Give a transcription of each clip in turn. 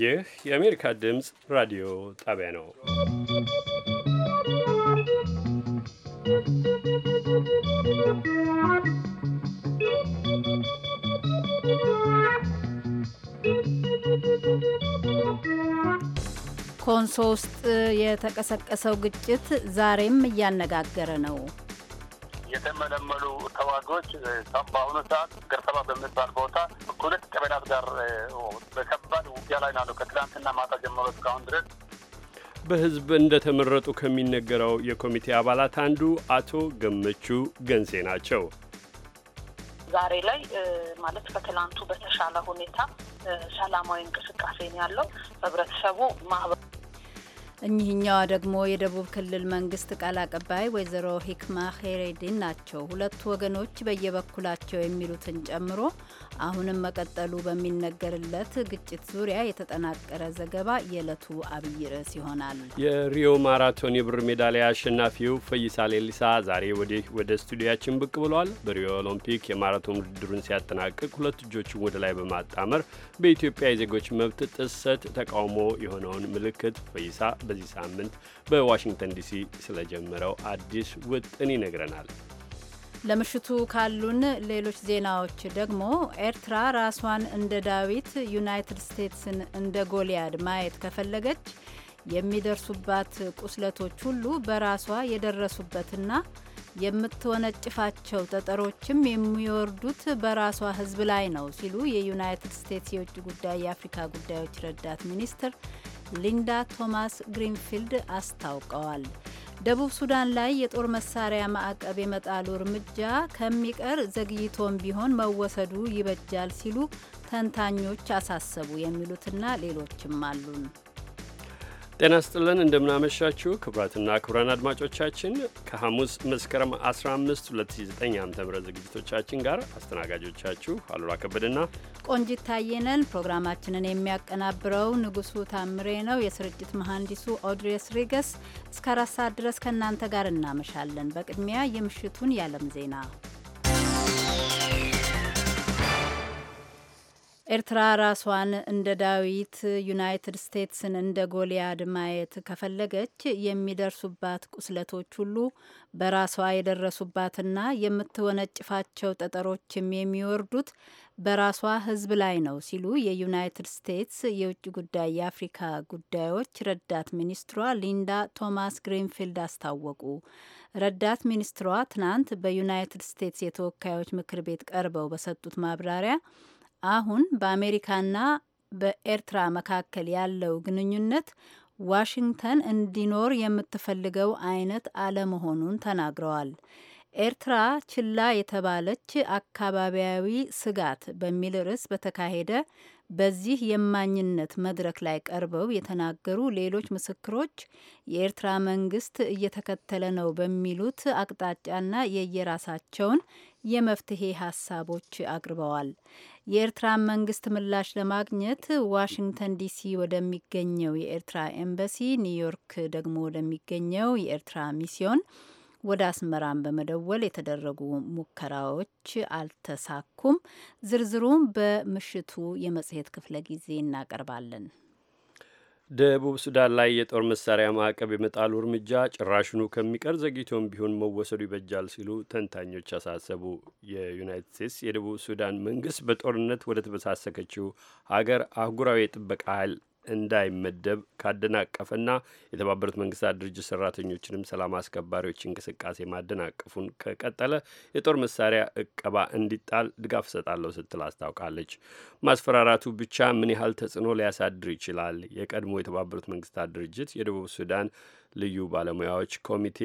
ይህ የአሜሪካ ድምፅ ራዲዮ ጣቢያ ነው። ኮንሶ ውስጥ የተቀሰቀሰው ግጭት ዛሬም እያነጋገረ ነው። የተመለመሉ ተዋጊዎች በአሁኑ ሰዓት አበባ በሚባል ቦታ ሁለት ቀበላት ጋር በከባድ ውጊያ ላይ ናሉ ከትላንትና ማታ ጀምሮ እስካሁን ድረስ። በህዝብ እንደተመረጡ ከሚነገረው የኮሚቴ አባላት አንዱ አቶ ገመቹ ገንሴ ናቸው። ዛሬ ላይ ማለት ከትላንቱ በተሻለ ሁኔታ ሰላማዊ እንቅስቃሴ ነው ያለው ህብረተሰቡ ማህበ እኚህኛዋ ደግሞ የደቡብ ክልል መንግስት ቃል አቀባይ ወይዘሮ ሂክማ ሄሬዲን ናቸው። ሁለቱ ወገኖች በየበኩላቸው የሚሉትን ጨምሮ አሁንም መቀጠሉ በሚነገርለት ግጭት ዙሪያ የተጠናቀረ ዘገባ የዕለቱ አብይ ርዕስ ይሆናል። የሪዮ ማራቶን የብር ሜዳሊያ አሸናፊው ፈይሳ ሌሊሳ ዛሬ ወዲህ ወደ ስቱዲያችን ብቅ ብሏል። በሪዮ ኦሎምፒክ የማራቶን ውድድሩን ሲያጠናቅቅ ሁለት እጆቹን ወደ ላይ በማጣመር በኢትዮጵያ የዜጎች መብት ጥሰት ተቃውሞ የሆነውን ምልክት ፈይሳ በዚህ ሳምንት በዋሽንግተን ዲሲ ስለጀመረው አዲስ ውጥን ይነግረናል። ለምሽቱ ካሉን ሌሎች ዜናዎች ደግሞ ኤርትራ ራሷን እንደ ዳዊት ዩናይትድ ስቴትስን እንደ ጎልያድ ማየት ከፈለገች የሚደርሱባት ቁስለቶች ሁሉ በራሷ የደረሱበትና የምትወነጭፋቸው ጠጠሮችም የሚወርዱት በራሷ ሕዝብ ላይ ነው ሲሉ የዩናይትድ ስቴትስ የውጭ ጉዳይ የአፍሪካ ጉዳዮች ረዳት ሚኒስትር ሊንዳ ቶማስ ግሪንፊልድ አስታውቀዋል። ደቡብ ሱዳን ላይ የጦር መሳሪያ ማዕቀብ የመጣሉ እርምጃ ከሚቀር ዘግይቶም ቢሆን መወሰዱ ይበጃል ሲሉ ተንታኞች አሳሰቡ። የሚሉትና ሌሎችም አሉን። ጤና ስጥልን እንደምናመሻችሁ ክቡራትና ክቡራን አድማጮቻችን ከሐሙስ መስከረም 15 2009 ዓ ም ዝግጅቶቻችን ጋር አስተናጋጆቻችሁ አሉላ ከበድና ቆንጂት ታየነን። ፕሮግራማችንን የሚያቀናብረው ንጉሱ ታምሬ ነው። የስርጭት መሐንዲሱ ኦድሬስ ሪገስ። እስከ አራት ሰዓት ድረስ ከእናንተ ጋር እናመሻለን። በቅድሚያ የምሽቱን የዓለም ዜና ኤርትራ ራሷን እንደ ዳዊት ዩናይትድ ስቴትስን እንደ ጎልያድ ማየት ከፈለገች የሚደርሱባት ቁስለቶች ሁሉ በራሷ የደረሱባትና የምትወነጭፋቸው ጠጠሮችም የሚወርዱት በራሷ ሕዝብ ላይ ነው ሲሉ የዩናይትድ ስቴትስ የውጭ ጉዳይ የአፍሪካ ጉዳዮች ረዳት ሚኒስትሯ ሊንዳ ቶማስ ግሪንፊልድ አስታወቁ። ረዳት ሚኒስትሯ ትናንት በዩናይትድ ስቴትስ የተወካዮች ምክር ቤት ቀርበው በሰጡት ማብራሪያ አሁን በአሜሪካና በኤርትራ መካከል ያለው ግንኙነት ዋሽንግተን እንዲኖር የምትፈልገው አይነት አለመሆኑን ተናግረዋል። ኤርትራ ችላ የተባለች አካባቢያዊ ስጋት በሚል ርዕስ በተካሄደ በዚህ የማኝነት መድረክ ላይ ቀርበው የተናገሩ ሌሎች ምስክሮች የኤርትራ መንግስት እየተከተለ ነው በሚሉት አቅጣጫና የየራሳቸውን የመፍትሄ ሀሳቦች አቅርበዋል። የኤርትራን መንግስት ምላሽ ለማግኘት ዋሽንግተን ዲሲ ወደሚገኘው የኤርትራ ኤምባሲ፣ ኒውዮርክ ደግሞ ወደሚገኘው የኤርትራ ሚስዮን ወደ አስመራን በመደወል የተደረጉ ሙከራዎች አልተሳኩም። ዝርዝሩም በምሽቱ የመጽሔት ክፍለ ጊዜ እናቀርባለን። ደቡብ ሱዳን ላይ የጦር መሳሪያ ማዕቀብ የመጣሉ እርምጃ ጭራሽኑ ከሚቀር ዘግይቶም ቢሆን መወሰዱ ይበጃል ሲሉ ተንታኞች አሳሰቡ። የዩናይትድ ስቴትስ የደቡብ ሱዳን መንግስት በጦርነት ወደ ተበሳሰከችው ሀገር አህጉራዊ የጥበቃ ኃይል እንዳይመደብ ካደናቀፈና የተባበሩት መንግስታት ድርጅት ሰራተኞችንም ሰላም አስከባሪዎች እንቅስቃሴ ማደናቀፉን ከቀጠለ የጦር መሳሪያ እቀባ እንዲጣል ድጋፍ እሰጣለሁ ስትል አስታውቃለች። ማስፈራራቱ ብቻ ምን ያህል ተጽዕኖ ሊያሳድር ይችላል? የቀድሞ የተባበሩት መንግስታት ድርጅት የደቡብ ሱዳን ልዩ ባለሙያዎች ኮሚቴ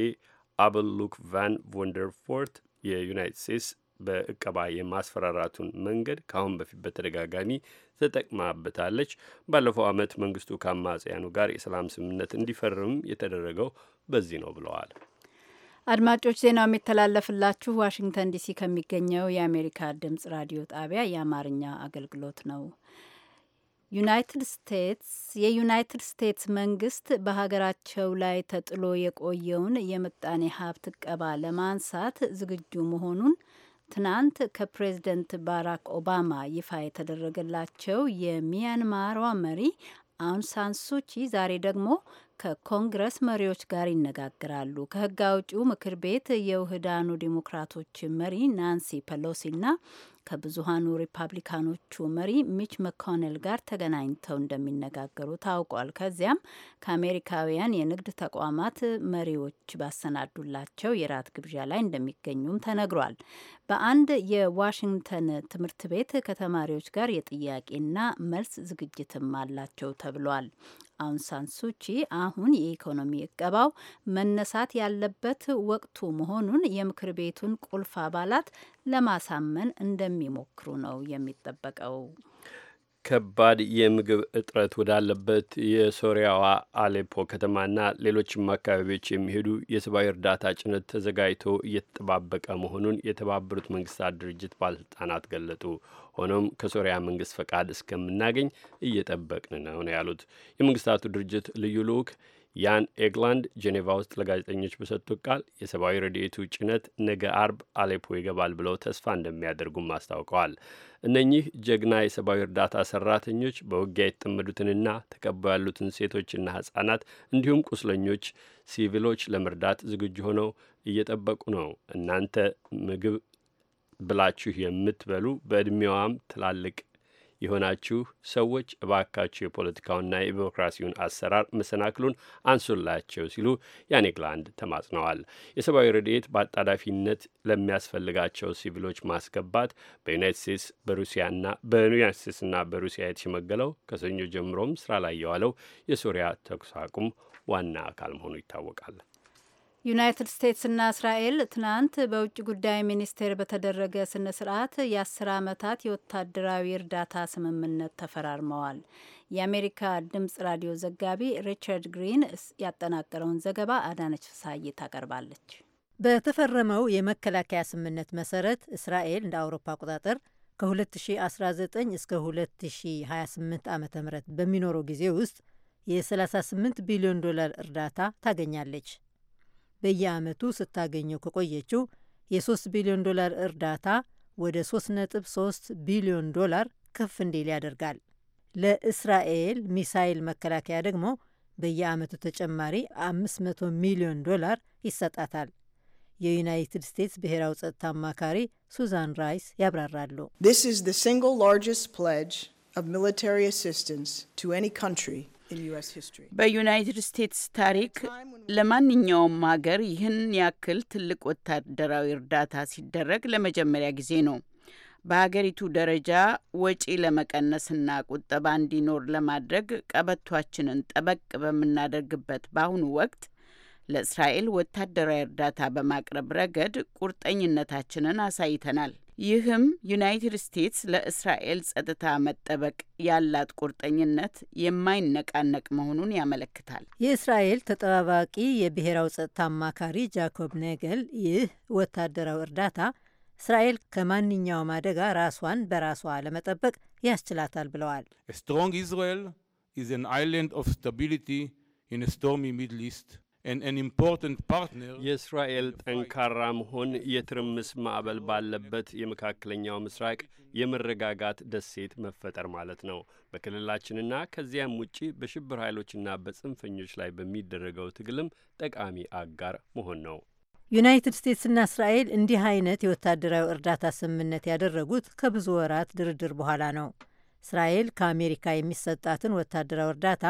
አብል ሉክ ቫን ቮንደርፎርት የዩናይትድ ስቴትስ በእቀባ የማስፈራራቱን መንገድ ከአሁን በፊት በተደጋጋሚ ተጠቅማበታለች። ባለፈው ዓመት መንግስቱ ከአማጽያኑ ጋር የሰላም ስምምነት እንዲፈርም የተደረገው በዚህ ነው ብለዋል። አድማጮች ዜናው የሚተላለፍላችሁ ዋሽንግተን ዲሲ ከሚገኘው የአሜሪካ ድምጽ ራዲዮ ጣቢያ የአማርኛ አገልግሎት ነው። ዩናይትድ ስቴትስ የዩናይትድ ስቴትስ መንግስት በሀገራቸው ላይ ተጥሎ የቆየውን የምጣኔ ሀብት እቀባ ለማንሳት ዝግጁ መሆኑን ትናንት ከፕሬዝደንት ባራክ ኦባማ ይፋ የተደረገላቸው የሚያንማሯ መሪ አውንሳን ሱቺ ዛሬ ደግሞ ከኮንግረስ መሪዎች ጋር ይነጋግራሉ። ከህግ አውጪው ምክር ቤት የውህዳኑ ዴሞክራቶች መሪ ናንሲ ፐሎሲና ከብዙሃኑ ሪፐብሊካኖቹ መሪ ሚች መኮኔል ጋር ተገናኝተው እንደሚነጋገሩ ታውቋል። ከዚያም ከአሜሪካውያን የንግድ ተቋማት መሪዎች ባሰናዱላቸው የራት ግብዣ ላይ እንደሚገኙም ተነግሯል። በአንድ የዋሽንግተን ትምህርት ቤት ከተማሪዎች ጋር የጥያቄና መልስ ዝግጅትም አላቸው ተብሏል። አውንሳን ሱቺ አሁን የኢኮኖሚ እቀባው መነሳት ያለበት ወቅቱ መሆኑን የምክር ቤቱን ቁልፍ አባላት ለማሳመን እንደሚሞክሩ ነው የሚጠበቀው። ከባድ የምግብ እጥረት ወዳለበት የሶሪያዋ አሌፖ ከተማና ሌሎችም አካባቢዎች የሚሄዱ የሰብአዊ እርዳታ ጭነት ተዘጋጅቶ እየተጠባበቀ መሆኑን የተባበሩት መንግስታት ድርጅት ባለስልጣናት ገለጡ። ሆኖም ከሶሪያ መንግስት ፈቃድ እስከምናገኝ እየጠበቅን ነው ነው ያሉት የመንግስታቱ ድርጅት ልዩ ልዑክ ያን ኤግላንድ ጄኔቫ ውስጥ ለጋዜጠኞች በሰጡት ቃል የሰብአዊ ረድኤቱ ጭነት ነገ አርብ አሌፖ ይገባል ብለው ተስፋ እንደሚያደርጉም አስታውቀዋል። እነኚህ ጀግና የሰብአዊ እርዳታ ሰራተኞች በውጊያ የተጠመዱትንና ተከበው ያሉትን ሴቶችና ህጻናት እንዲሁም ቁስለኞች ሲቪሎች ለመርዳት ዝግጁ ሆነው እየጠበቁ ነው። እናንተ ምግብ ብላችሁ የምትበሉ በዕድሜዋም ትላልቅ የሆናችሁ ሰዎች እባካችሁ የፖለቲካውና የቢሮክራሲውን አሰራር መሰናክሉን አንሱላቸው ሲሉ ያኔግላንድ ተማጽነዋል። የሰብአዊ ረድኤት በአጣዳፊነት ለሚያስፈልጋቸው ሲቪሎች ማስገባት በዩናይት ስቴትስ በሩሲያና በዩናይት ስቴትስና በሩሲያ የተሸመገለው ከሰኞ ጀምሮም ስራ ላይ የዋለው የሶሪያ ተኩስ አቁም ዋና አካል መሆኑ ይታወቃል። ዩናይትድ ስቴትስና እስራኤል ትናንት በውጭ ጉዳይ ሚኒስቴር በተደረገ ስነ ስርዓት የአስር ዓመታት የወታደራዊ እርዳታ ስምምነት ተፈራርመዋል። የአሜሪካ ድምጽ ራዲዮ ዘጋቢ ሪቻርድ ግሪን ያጠናቀረውን ዘገባ አዳነች ፍሳይ ታቀርባለች። በተፈረመው የመከላከያ ስምምነት መሰረት እስራኤል እንደ አውሮፓ አቆጣጠር ከ2019 እስከ 2028 ዓ ም በሚኖረው ጊዜ ውስጥ የ38 ቢሊዮን ዶላር እርዳታ ታገኛለች። በየዓመቱ ስታገኘው ከቆየችው የ3 ቢሊዮን ዶላር እርዳታ ወደ 3.3 ቢሊዮን ዶላር ከፍ እንዲል ያደርጋል። ለእስራኤል ሚሳይል መከላከያ ደግሞ በየዓመቱ ተጨማሪ 500 ሚሊዮን ዶላር ይሰጣታል። የዩናይትድ ስቴትስ ብሔራዊ ጸጥታ አማካሪ ሱዛን ራይስ ያብራራሉ። This is the single largest pledge of military assistance to any country በዩናይትድ ስቴትስ ታሪክ ለማንኛውም ሀገር ይህን ያክል ትልቅ ወታደራዊ እርዳታ ሲደረግ ለመጀመሪያ ጊዜ ነው። በሀገሪቱ ደረጃ ወጪ ለመቀነስና ቁጠባ እንዲኖር ለማድረግ ቀበቷችንን ጠበቅ በምናደርግበት በአሁኑ ወቅት ለእስራኤል ወታደራዊ እርዳታ በማቅረብ ረገድ ቁርጠኝነታችንን አሳይተናል። ይህም ዩናይትድ ስቴትስ ለእስራኤል ጸጥታ መጠበቅ ያላት ቁርጠኝነት የማይነቃነቅ መሆኑን ያመለክታል። የእስራኤል ተጠባባቂ የብሔራዊ ጸጥታ አማካሪ ጃኮብ ኔገል ይህ ወታደራዊ እርዳታ እስራኤል ከማንኛውም አደጋ ራሷን በራሷ ለመጠበቅ ያስችላታል ብለዋል። ስትሮንግ ኢዝራኤል ኢዝ አን አይላንድ ኦፍ ስታቢሊቲ ኢን ስቶርሚ ሚድል ኢስት የእስራኤል ጠንካራ መሆን የትርምስ ማዕበል ባለበት የመካከለኛው ምስራቅ የመረጋጋት ደሴት መፈጠር ማለት ነው። በክልላችንና ከዚያም ውጪ በሽብር ኃይሎችና በጽንፈኞች ላይ በሚደረገው ትግልም ጠቃሚ አጋር መሆን ነው። ዩናይትድ ስቴትስና እስራኤል እንዲህ አይነት የወታደራዊ እርዳታ ስምምነት ያደረጉት ከብዙ ወራት ድርድር በኋላ ነው። እስራኤል ከአሜሪካ የሚሰጣትን ወታደራዊ እርዳታ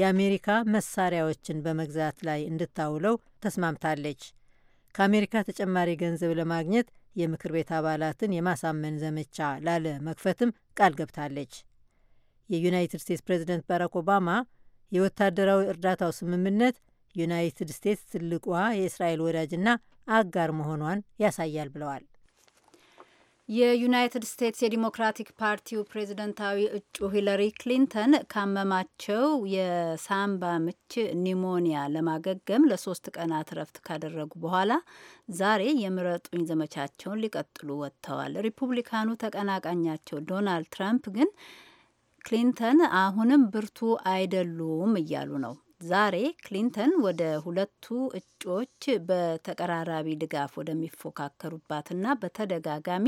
የአሜሪካ መሳሪያዎችን በመግዛት ላይ እንድታውለው ተስማምታለች። ከአሜሪካ ተጨማሪ ገንዘብ ለማግኘት የምክር ቤት አባላትን የማሳመን ዘመቻ ላለ መክፈትም ቃል ገብታለች። የዩናይትድ ስቴትስ ፕሬዚደንት ባራክ ኦባማ የወታደራዊ እርዳታው ስምምነት ዩናይትድ ስቴትስ ትልቋ የእስራኤል ወዳጅና አጋር መሆኗን ያሳያል ብለዋል። የዩናይትድ ስቴትስ የዲሞክራቲክ ፓርቲው ፕሬዝደንታዊ እጩ ሂለሪ ክሊንተን ካመማቸው የሳምባ ምች ኒሞኒያ ለማገገም ለሶስት ቀናት ረፍት ካደረጉ በኋላ ዛሬ የምረጡኝ ዘመቻቸውን ሊቀጥሉ ወጥተዋል። ሪፑብሊካኑ ተቀናቃኛቸው ዶናልድ ትራምፕ ግን ክሊንተን አሁንም ብርቱ አይደሉም እያሉ ነው። ዛሬ ክሊንተን ወደ ሁለቱ እጩ እጩዎች በተቀራራቢ ድጋፍ ወደሚፎካከሩባትና በተደጋጋሚ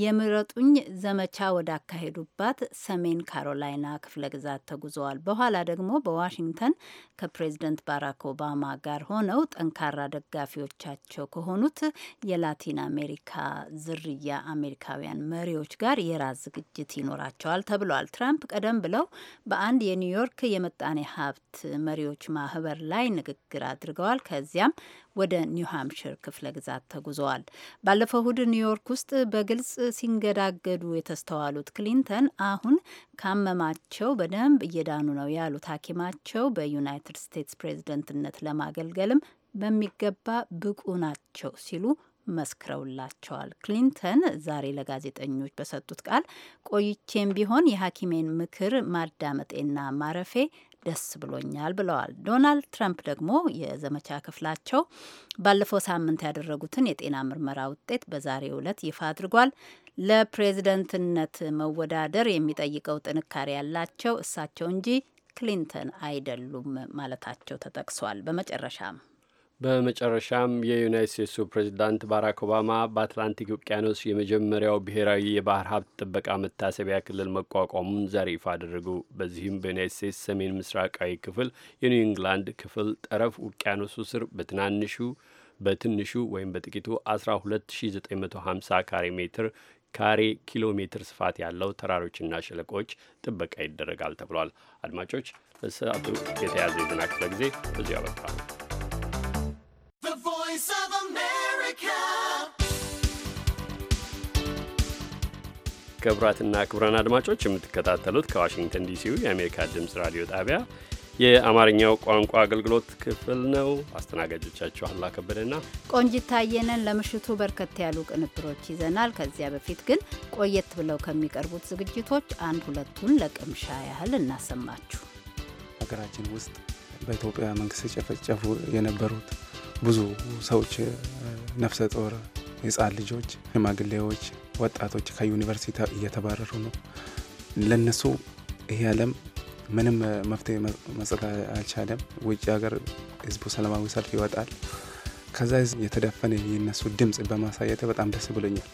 የምረጡኝ ዘመቻ ወዳካሄዱባት ሰሜን ካሮላይና ክፍለ ግዛት ተጉዘዋል። በኋላ ደግሞ በዋሽንግተን ከፕሬዝደንት ባራክ ኦባማ ጋር ሆነው ጠንካራ ደጋፊዎቻቸው ከሆኑት የላቲን አሜሪካ ዝርያ አሜሪካውያን መሪዎች ጋር የራስ ዝግጅት ይኖራቸዋል ተብሏል። ትራምፕ ቀደም ብለው በአንድ የኒውዮርክ የመጣኔ ሀብት መሪዎች ማህበር ላይ ንግግር አድርገዋል። ከዚያ ከዚያም ወደ ኒው ክፍለ ግዛት ተጉዘዋል። ባለፈው እሁድ ኒውዮርክ ውስጥ በግልጽ ሲንገዳገዱ የተስተዋሉት ክሊንተን አሁን ካመማቸው በደንብ እየዳኑ ነው ያሉት ሐኪማቸው በዩናይትድ ስቴትስ ፕሬዝደንትነት ለማገልገልም በሚገባ ብቁ ናቸው ሲሉ መስክረውላቸዋል። ክሊንተን ዛሬ ለጋዜጠኞች በሰጡት ቃል ቆይቼም ቢሆን የሐኪሜን ምክር ማዳመጤና ማረፌ ደስ ብሎኛል ብለዋል። ዶናልድ ትራምፕ ደግሞ የዘመቻ ክፍላቸው ባለፈው ሳምንት ያደረጉትን የጤና ምርመራ ውጤት በዛሬው ዕለት ይፋ አድርጓል። ለፕሬዝደንትነት መወዳደር የሚጠይቀው ጥንካሬ ያላቸው እሳቸው እንጂ ክሊንተን አይደሉም ማለታቸው ተጠቅሷል። በመጨረሻም በመጨረሻም የዩናይት ስቴትሱ ፕሬዚዳንት ባራክ ኦባማ በአትላንቲክ ውቅያኖስ የመጀመሪያው ብሔራዊ የባህር ሀብት ጥበቃ መታሰቢያ ክልል መቋቋሙን ዛሬ ይፋ አደረጉ። በዚህም በዩናይት ስቴትስ ሰሜን ምስራቃዊ ክፍል የኒው ኢንግላንድ ክፍል ጠረፍ ውቅያኖሱ ስር በትናንሹ በትንሹ ወይም በጥቂቱ 12950 ካሬ ሜትር ካሬ ኪሎ ሜትር ስፋት ያለው ተራሮችና ሸለቆዎች ጥበቃ ይደረጋል ተብሏል። አድማጮች፣ ለሰዓቱ የተያዘ የዜና ክፍለ ጊዜ በዚሁ ያበቃል። ክቡራትና ክቡራን አድማጮች የምትከታተሉት ከዋሽንግተን ዲሲው የአሜሪካ ድምፅ ራዲዮ ጣቢያ የአማርኛው ቋንቋ አገልግሎት ክፍል ነው። አስተናጋጆቻችሁ አላ ከበደና ቆንጂት ታየነን። ለምሽቱ በርከት ያሉ ቅንብሮች ይዘናል። ከዚያ በፊት ግን ቆየት ብለው ከሚቀርቡት ዝግጅቶች አንድ ሁለቱን ለቅምሻ ያህል እናሰማችሁ። ሀገራችን ውስጥ በኢትዮጵያ መንግስት ሲጨፈጨፉ የነበሩት ብዙ ሰዎች ነፍሰ ጦር፣ ህጻን ልጆች፣ ሽማግሌዎች ወጣቶች ከዩኒቨርሲቲ እየተባረሩ ነው። ለነሱ ይሄ ዓለም ምንም መፍትሄ መስጠት አልቻለም። ውጭ ሀገር ህዝቡ ሰላማዊ ሰልፍ ይወጣል። ከዛ ህዝብ የተደፈነ የነሱ ድምፅ በማሳየት በጣም ደስ ብሎኛል።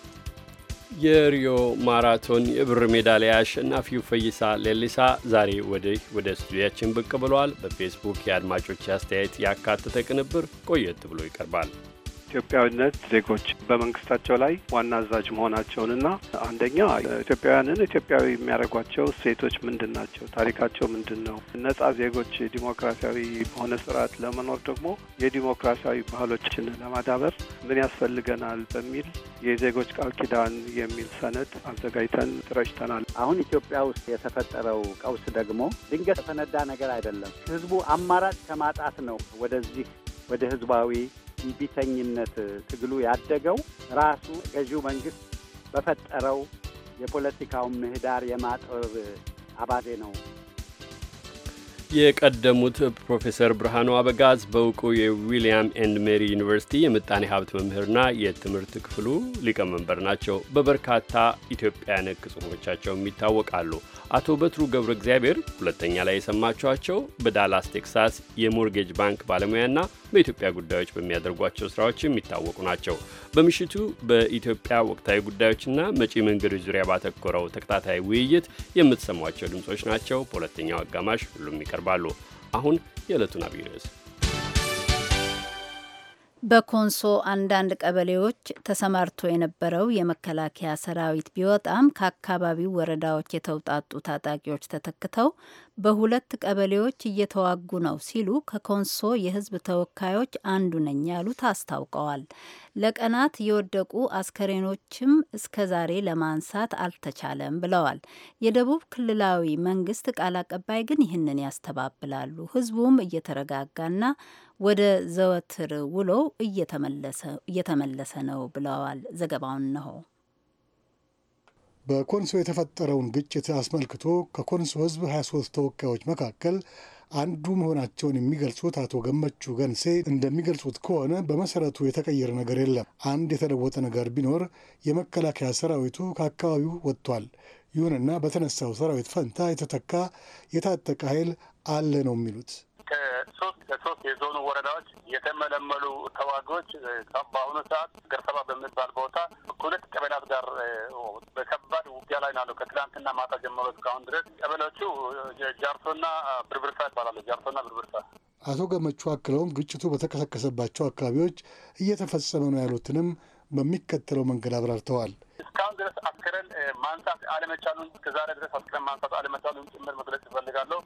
የሪዮ ማራቶን የብር ሜዳሊያ አሸናፊው ፈይሳ ሌሊሳ ዛሬ ወዲህ ወደ ስቱዲያችን ብቅ ብለዋል። በፌስቡክ የአድማጮች አስተያየት ያካተተ ቅንብር ቆየት ብሎ ይቀርባል። ኢትዮጵያዊነት ዜጎች በመንግስታቸው ላይ ዋና አዛዥ መሆናቸውንና አንደኛ ኢትዮጵያውያንን ኢትዮጵያዊ የሚያደርጓቸው ሴቶች ምንድን ናቸው? ታሪካቸው ምንድን ነው? ነጻ ዜጎች ዲሞክራሲያዊ በሆነ ስርዓት ለመኖር ደግሞ የዲሞክራሲያዊ ባህሎችን ለማዳበር ምን ያስፈልገናል? በሚል የዜጎች ቃል ኪዳን የሚል ሰነድ አዘጋጅተን ትረጭተናል። አሁን ኢትዮጵያ ውስጥ የተፈጠረው ቀውስ ደግሞ ድንገት የተፈነዳ ነገር አይደለም። ህዝቡ አማራጭ ከማጣት ነው ወደዚህ ወደ ህዝባዊ ቢተኝነት ትግሉ ያደገው ራሱ ገዢው መንግስት በፈጠረው የፖለቲካውን ምህዳር የማጥበብ አባዜ ነው። የቀደሙት ፕሮፌሰር ብርሃኑ አበጋዝ በእውቁ የዊልያም ኤንድ ሜሪ ዩኒቨርሲቲ የምጣኔ ሀብት መምህርና የትምህርት ክፍሉ ሊቀመንበር ናቸው። በበርካታ ኢትዮጵያ ነክ ጽሁፎቻቸውም ይታወቃሉ። አቶ በትሩ ገብረ እግዚአብሔር ሁለተኛ ላይ የሰማችኋቸው በዳላስ ቴክሳስ የሞርጌጅ ባንክ ባለሙያና በኢትዮጵያ ጉዳዮች በሚያደርጓቸው ስራዎች የሚታወቁ ናቸው። በምሽቱ በኢትዮጵያ ወቅታዊ ጉዳዮችና መጪ መንገዶች ዙሪያ ባተኮረው ተከታታይ ውይይት የምትሰሟቸው ድምጾች ናቸው። በሁለተኛው አጋማሽ ሁሉም ይቀርባሉ። አሁን የዕለቱን አብይ ርዕስ በኮንሶ አንዳንድ ቀበሌዎች ተሰማርቶ የነበረው የመከላከያ ሰራዊት ቢወጣም ከአካባቢው ወረዳዎች የተውጣጡ ታጣቂዎች ተተክተው በሁለት ቀበሌዎች እየተዋጉ ነው ሲሉ ከኮንሶ የሕዝብ ተወካዮች አንዱ ነኝ ያሉት አስታውቀዋል። ለቀናት የወደቁ አስከሬኖችም እስከ ዛሬ ለማንሳት አልተቻለም ብለዋል። የደቡብ ክልላዊ መንግስት ቃል አቀባይ ግን ይህንን ያስተባብላሉ። ሕዝቡም እየተረጋጋና ወደ ዘወትር ውሎው እየተመለሰ ነው ብለዋል። ዘገባውን ነሆ በኮንሶ የተፈጠረውን ግጭት አስመልክቶ ከኮንሶ ህዝብ 23 ተወካዮች መካከል አንዱ መሆናቸውን የሚገልጹት አቶ ገመቹ ገንሴ እንደሚገልጹት ከሆነ በመሰረቱ የተቀየረ ነገር የለም። አንድ የተለወጠ ነገር ቢኖር የመከላከያ ሰራዊቱ ከአካባቢው ወጥቷል። ይሁንና በተነሳው ሰራዊት ፈንታ የተተካ የታጠቀ ኃይል አለ ነው የሚሉት ከሶስት ከሶስት የዞኑ ወረዳዎች የተመለመሉ ተዋጊዎች በአሁኑ ሰዓት ገርሰባ በሚባል ቦታ ከሁለት ቀበላት ጋር በከባድ ውጊያ ላይ ናለው። ከትላንትና ማታ ጀምሮ እስካሁን ድረስ ቀበሎቹ ጃርሶና ብርብርሳ ይባላሉ። ጃርሶና ብርብርሳ። አቶ ገመቹ አክለውም ግጭቱ በተቀሰቀሰባቸው አካባቢዎች እየተፈጸመ ነው ያሉትንም በሚከተለው መንገድ አብራርተዋል። እስካሁን ድረስ አስክሬን ማንሳት አለመቻሉን እስከዛሬ ድረስ አስክሬን ማንሳት አለመቻሉን ጭምር መግለጽ ይፈልጋለሁ።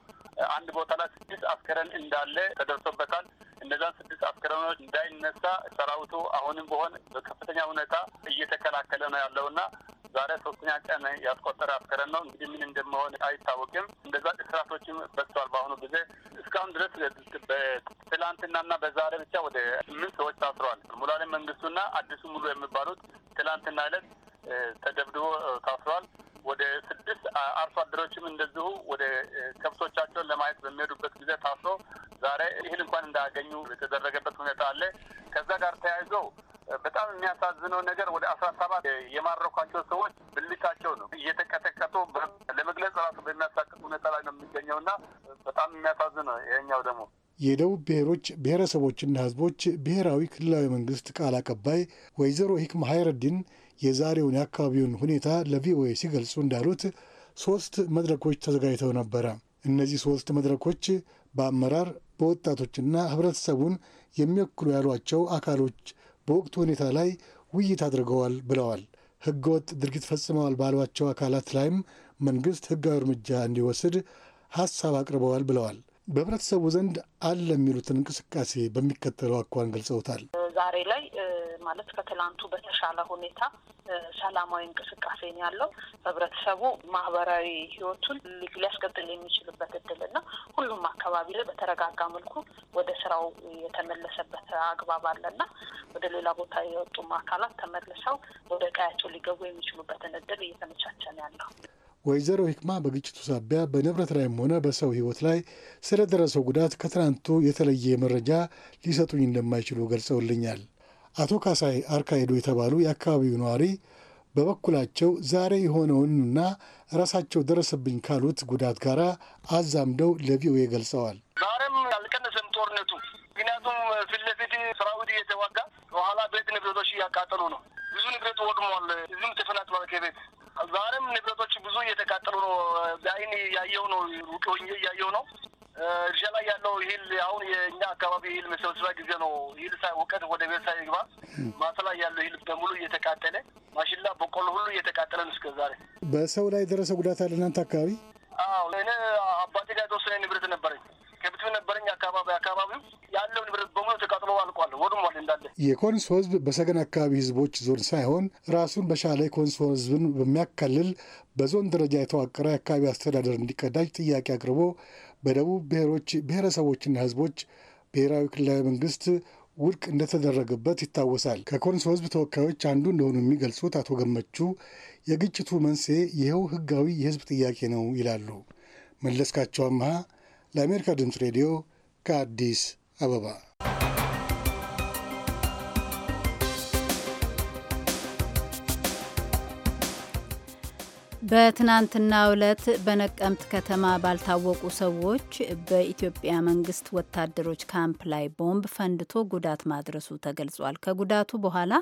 አንድ ቦታ ላይ ስድስት አስከረን እንዳለ ተደርሶበታል። እነዛን ስድስት አስከረኖች እንዳይነሳ ሰራዊቱ አሁንም በሆን በከፍተኛ ሁኔታ እየተከላከለ ነው ያለውና ዛሬ ሶስተኛ ቀን ያስቆጠረ አስከረን ነው። እንግዲህ ምን እንደመሆን አይታወቅም። እንደዛ እስራቶችም በዝተዋል። በአሁኑ ጊዜ እስካሁን ድረስ በትላንትናና በዛሬ ብቻ ወደ ስምንት ሰዎች ታስረዋል። ሙላሌ መንግስቱና አዲሱ ሙሉ የሚባሉት ትላንትና ዕለት ተደብድቦ ታስረዋል። ወደ ስድስት አርሶ አደሮችም እንደዚሁ ወደ ከብቶቻቸውን ለማየት በሚሄዱበት ጊዜ ታስሮ ዛሬ እህል እንኳን እንዳያገኙ የተደረገበት ሁኔታ አለ። ከዛ ጋር ተያይዞ በጣም የሚያሳዝነው ነገር ወደ አስራ ሰባት የማረኳቸው ሰዎች ብልታቸው ነው እየተቀጠቀጡ ለመግለጽ ራሱ በሚያሳቅቅ ሁኔታ ላይ ነው የሚገኘው እና በጣም የሚያሳዝን ነው። ይሄኛው ደግሞ የደቡብ ብሔሮች ብሔረሰቦችና ሕዝቦች ብሔራዊ ክልላዊ መንግስት ቃል አቀባይ ወይዘሮ ሂክማ ሀይረዲን የዛሬውን የአካባቢውን ሁኔታ ለቪኦኤ ሲገልጹ እንዳሉት ሶስት መድረኮች ተዘጋጅተው ነበረ። እነዚህ ሶስት መድረኮች በአመራር በወጣቶችና ህብረተሰቡን የሚወክሉ ያሏቸው አካሎች በወቅቱ ሁኔታ ላይ ውይይት አድርገዋል ብለዋል። ህገወጥ ድርጊት ፈጽመዋል ባሏቸው አካላት ላይም መንግስት ህጋዊ እርምጃ እንዲወስድ ሀሳብ አቅርበዋል ብለዋል። በህብረተሰቡ ዘንድ አለ የሚሉትን እንቅስቃሴ በሚከተለው አኳን ገልጸውታል። ዛሬ ላይ ማለት ከትላንቱ በተሻለ ሁኔታ ሰላማዊ እንቅስቃሴ ነው ያለው። ህብረተሰቡ ማህበራዊ ህይወቱን ሊያስቀጥል የሚችልበት እድልና ሁሉም አካባቢ ላይ በተረጋጋ መልኩ ወደ ስራው የተመለሰበት አግባብ አለና ወደ ሌላ ቦታ የወጡም አካላት ተመልሰው ወደ ቀያቸው ሊገቡ የሚችሉበትን እድል እየተመቻቸ ነው ያለው። ወይዘሮ ሂክማ በግጭቱ ሳቢያ በንብረት ላይም ሆነ በሰው ህይወት ላይ ስለደረሰው ጉዳት ከትናንቱ የተለየ መረጃ ሊሰጡኝ እንደማይችሉ ገልጸውልኛል። አቶ ካሳይ አርካይዶ የተባሉ የአካባቢው ነዋሪ በበኩላቸው ዛሬ የሆነውንና ራሳቸው ደረሰብኝ ካሉት ጉዳት ጋር አዛምደው ለቪኦኤ ገልጸዋል። ዛሬም አልቀነሰም ጦርነቱ። ምክንያቱም ፊት ለፊት ሰራዊት እየተዋጋ በኋላ ቤት ንብረቶች እያቃጠሉ ነው። ብዙ ንብረት ወድሟል። እዚህም ተፈናቅሏል ከቤት ዛሬም ንብረቶች ብዙ እየተቃጠሉ ነው። በአይን ያየው ነው፣ ውቅ ሆኜ እያየው ነው። እርሻ ላይ ያለው ይህል አሁን የእኛ አካባቢ ይህል መሰብሰቢያ ጊዜ ነው። ይህል ሳይወቀት ወደ ቤት ሳይግባ ማሳ ላይ ያለው ይህል በሙሉ እየተቃጠለ ማሽላ፣ በቆሎ ሁሉ እየተቃጠለ ነው። እስከ ዛሬ በሰው ላይ የደረሰ ጉዳት አለ እናንተ አካባቢ? አዎ እኔ አባቴ ጋር የተወሰነ ንብረት ነበረኝ ከብት ነበረኝ አካባቢ አካባቢው ያለው ንብረት በሙሉ ተቃጥሎ አልቋል፣ ወድሟል እንዳለ። የኮንሶ ህዝብ በሰገን አካባቢ ህዝቦች ዞን ሳይሆን ራሱን በሻለ የኮንሶ ህዝብን በሚያካልል በዞን ደረጃ የተዋቀረ የአካባቢ አስተዳደር እንዲቀዳጅ ጥያቄ አቅርቦ በደቡብ ብሔሮች ብሔረሰቦችና ህዝቦች ብሔራዊ ክልላዊ መንግስት ውድቅ እንደተደረገበት ይታወሳል። ከኮንሶ ህዝብ ተወካዮች አንዱ እንደሆኑ የሚገልጹት አቶ ገመቹ የግጭቱ መንስኤ ይኸው ህጋዊ የህዝብ ጥያቄ ነው ይላሉ። መለስካቸው አምሃ ለአሜሪካ ድምፅ ሬዲዮ ከአዲስ አበባ። በትናንትናው ዕለት በነቀምት ከተማ ባልታወቁ ሰዎች በኢትዮጵያ መንግስት ወታደሮች ካምፕ ላይ ቦምብ ፈንድቶ ጉዳት ማድረሱ ተገልጿል። ከጉዳቱ በኋላ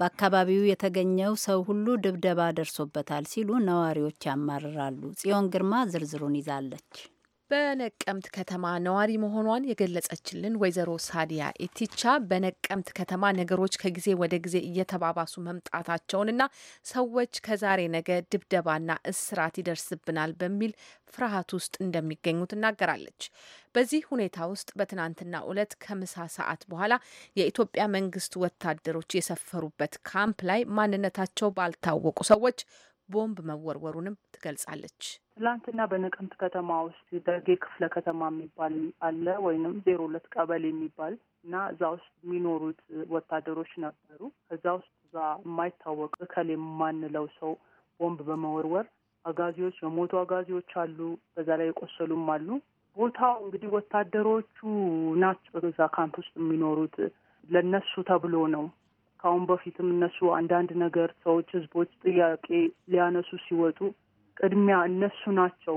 በአካባቢው የተገኘው ሰው ሁሉ ድብደባ ደርሶበታል ሲሉ ነዋሪዎች ያማርራሉ። ጽዮን ግርማ ዝርዝሩን ይዛለች። በነቀምት ከተማ ነዋሪ መሆኗን የገለጸችልን ወይዘሮ ሳዲያ ኢቲቻ በነቀምት ከተማ ነገሮች ከጊዜ ወደ ጊዜ እየተባባሱ መምጣታቸውንና ሰዎች ከዛሬ ነገ ድብደባና እስራት ይደርስብናል በሚል ፍርሃት ውስጥ እንደሚገኙ ትናገራለች። በዚህ ሁኔታ ውስጥ በትናንትና ዕለት ከምሳ ሰዓት በኋላ የኢትዮጵያ መንግስት ወታደሮች የሰፈሩበት ካምፕ ላይ ማንነታቸው ባልታወቁ ሰዎች ቦምብ መወርወሩንም ትገልጻለች። ትላንትና በነቀምት ከተማ ውስጥ ደርጌ ክፍለ ከተማ የሚባል አለ ወይንም ዜሮ ሁለት ቀበሌ የሚባል እና እዛ ውስጥ የሚኖሩት ወታደሮች ነበሩ። ከዛ ውስጥ እዛ የማይታወቅ እከል የማንለው ሰው ቦምብ በመወርወር አጋዚዎች የሞቱ አጋዚዎች አሉ። በዛ ላይ የቆሰሉም አሉ። ቦታው እንግዲህ ወታደሮቹ ናቸው እዛ ካምፕ ውስጥ የሚኖሩት ለነሱ ተብሎ ነው። ከአሁን በፊትም እነሱ አንዳንድ ነገር ሰዎች፣ ህዝቦች ጥያቄ ሊያነሱ ሲወጡ ቅድሚያ እነሱ ናቸው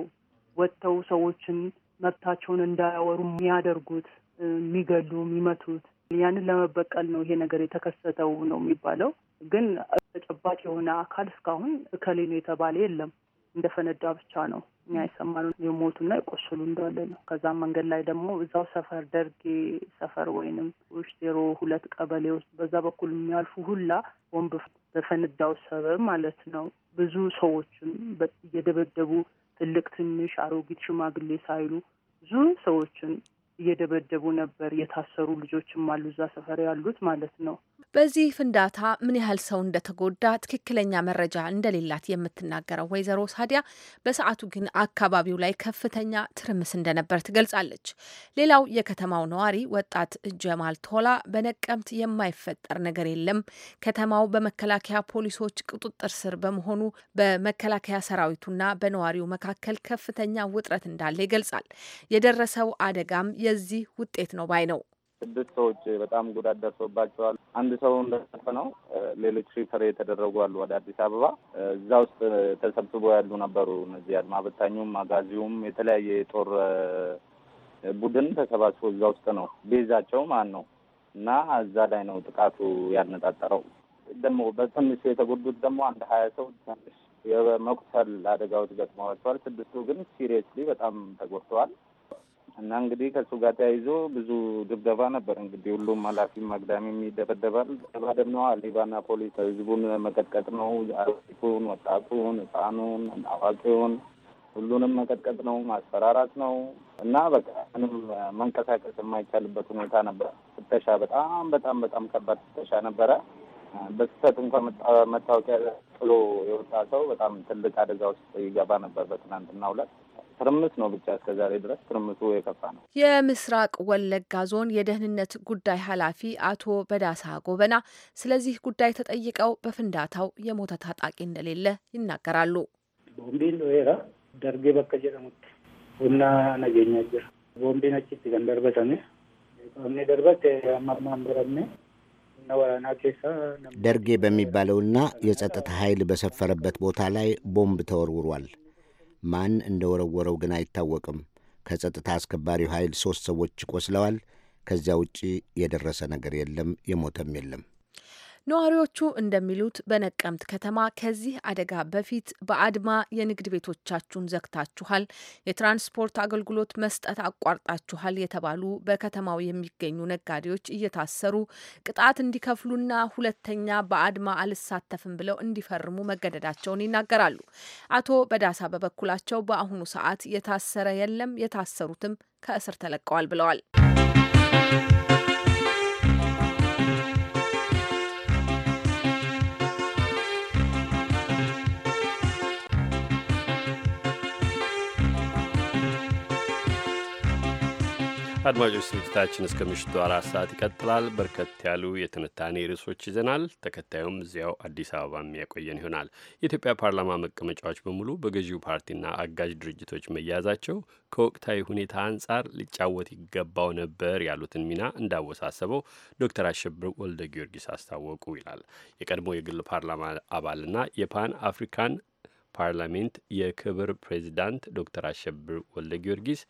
ወጥተው ሰዎችን መብታቸውን እንዳያወሩ የሚያደርጉት፣ የሚገሉ፣ የሚመቱት ያንን ለመበቀል ነው ይሄ ነገር የተከሰተው ነው የሚባለው። ግን ተጨባጭ የሆነ አካል እስካሁን እከሌ ነው የተባለ የለም። እንደፈነዳ ብቻ ነው እኛ የሰማነው። የሞቱና የቆሰሉ እንዳለ ነው። ከዛም መንገድ ላይ ደግሞ እዛው ሰፈር ደርጌ ሰፈር ወይንም ውሽ ዜሮ ሁለት ቀበሌ ውስጥ በዛ በኩል የሚያልፉ ሁላ ወንብ በፈነዳው ሰበብ ማለት ነው ብዙ ሰዎችን እየደበደቡ ትልቅ ትንሽ፣ አሮጊት ሽማግሌ ሳይሉ ብዙ ሰዎችን እየደበደቡ ነበር። የታሰሩ ልጆችም አሉ እዛ ሰፈር ያሉት ማለት ነው። በዚህ ፍንዳታ ምን ያህል ሰው እንደተጎዳ ትክክለኛ መረጃ እንደሌላት የምትናገረው ወይዘሮ ሳዲያ በሰዓቱ ግን አካባቢው ላይ ከፍተኛ ትርምስ እንደነበር ትገልጻለች። ሌላው የከተማው ነዋሪ ወጣት ጀማል ቶላ በነቀምት የማይፈጠር ነገር የለም፣ ከተማው በመከላከያ ፖሊሶች ቁጥጥር ስር በመሆኑ በመከላከያ ሰራዊቱና በነዋሪው መካከል ከፍተኛ ውጥረት እንዳለ ይገልጻል። የደረሰው አደጋም የዚህ ውጤት ነው ባይ ነው። ስድስት ሰዎች በጣም ጉዳት ደርሶባቸዋል። አንድ ሰው እንደጠፈ ነው። ሌሎች ሪፈር የተደረጉ አሉ ወደ አዲስ አበባ። እዛ ውስጥ ተሰብስቦ ያሉ ነበሩ። እነዚህ አድማ በታኙም አጋዚውም የተለያየ የጦር ቡድን ተሰባስቦ እዛ ውስጥ ነው ቤዛቸው ማን ነው እና እዛ ላይ ነው ጥቃቱ ያነጣጠረው። ደግሞ በትንሹ የተጎዱት ደግሞ አንድ ሀያ ሰው ትንሽ የመቁሰል አደጋዎች ገጥመዋቸዋል። ስድስቱ ግን ሲሪየስሊ በጣም ተጎድተዋል። እና እንግዲህ ከእሱ ጋር ተያይዞ ብዙ ድብደባ ነበር። እንግዲህ ሁሉም ኃላፊም አግዳሚም ይደበደባል። ደባ ደግሞ ሌባና ፖሊስ ህዝቡን መቀጥቀጥ ነው። አሪፉን፣ ወጣቱን፣ ህፃኑን፣ አዋቂውን ሁሉንም መቀጥቀጥ ነው፣ ማስፈራራት ነው እና በቃ ምንም መንቀሳቀስ የማይቻልበት ሁኔታ ነበረ። ፍተሻ በጣም በጣም በጣም ከባድ ፍተሻ ነበረ። በስህተት እንኳን መታወቂያ ጥሎ የወጣ ሰው በጣም ትልቅ አደጋ ውስጥ ይገባ ነበር በትናንትና ሁለት ትርምስ ነው ብቻ ዛሬ ድረስ ትርምሱ የከፋ ነው። የምስራቅ ወለጋ ዞን የደህንነት ጉዳይ ኃላፊ አቶ በዳሳ ጎበና ስለዚህ ጉዳይ ተጠይቀው በፍንዳታው የሞተ ታጣቂ እንደሌለ ይናገራሉ። ቦምቢን ራ ደርጌ በከ ጀረሙት ቡና ነገኛ ጅር ቦምቢ ነችት ገንደርበሰሜ ኔ ደርበት አማማንበረሜ ደርጌ በሚባለውና የጸጥታ ኃይል በሰፈረበት ቦታ ላይ ቦምብ ተወርውሯል። ማን እንደወረወረው ግን አይታወቅም። ከጸጥታ አስከባሪው ኃይል ሦስት ሰዎች ቆስለዋል። ከዚያ ውጪ የደረሰ ነገር የለም፣ የሞተም የለም። ነዋሪዎቹ እንደሚሉት በነቀምት ከተማ ከዚህ አደጋ በፊት በአድማ የንግድ ቤቶቻችሁን ዘግታችኋል፣ የትራንስፖርት አገልግሎት መስጠት አቋርጣችኋል የተባሉ በከተማው የሚገኙ ነጋዴዎች እየታሰሩ ቅጣት እንዲከፍሉና ሁለተኛ በአድማ አልሳተፍም ብለው እንዲፈርሙ መገደዳቸውን ይናገራሉ። አቶ በዳሳ በበኩላቸው በአሁኑ ሰዓት የታሰረ የለም፣ የታሰሩትም ከእስር ተለቀዋል ብለዋል። አድማጮች ስርጭታችን እስከ ምሽቱ አራት ሰዓት ይቀጥላል። በርከት ያሉ የትንታኔ ርዕሶች ይዘናል። ተከታዩም እዚያው አዲስ አበባ የሚያቆየን ይሆናል። የኢትዮጵያ ፓርላማ መቀመጫዎች በሙሉ በገዢው ፓርቲና አጋዥ ድርጅቶች መያዛቸው ከወቅታዊ ሁኔታ አንጻር ሊጫወት ይገባው ነበር ያሉትን ሚና እንዳወሳሰበው ዶክተር አሸብር ወልደ ጊዮርጊስ አስታወቁ ይላል የቀድሞ የግል ፓርላማ አባልና የፓን አፍሪካን ፓርላሜንት የክብር ፕሬዚዳንት ዶክተር አሸብር ወልደ ጊዮርጊስ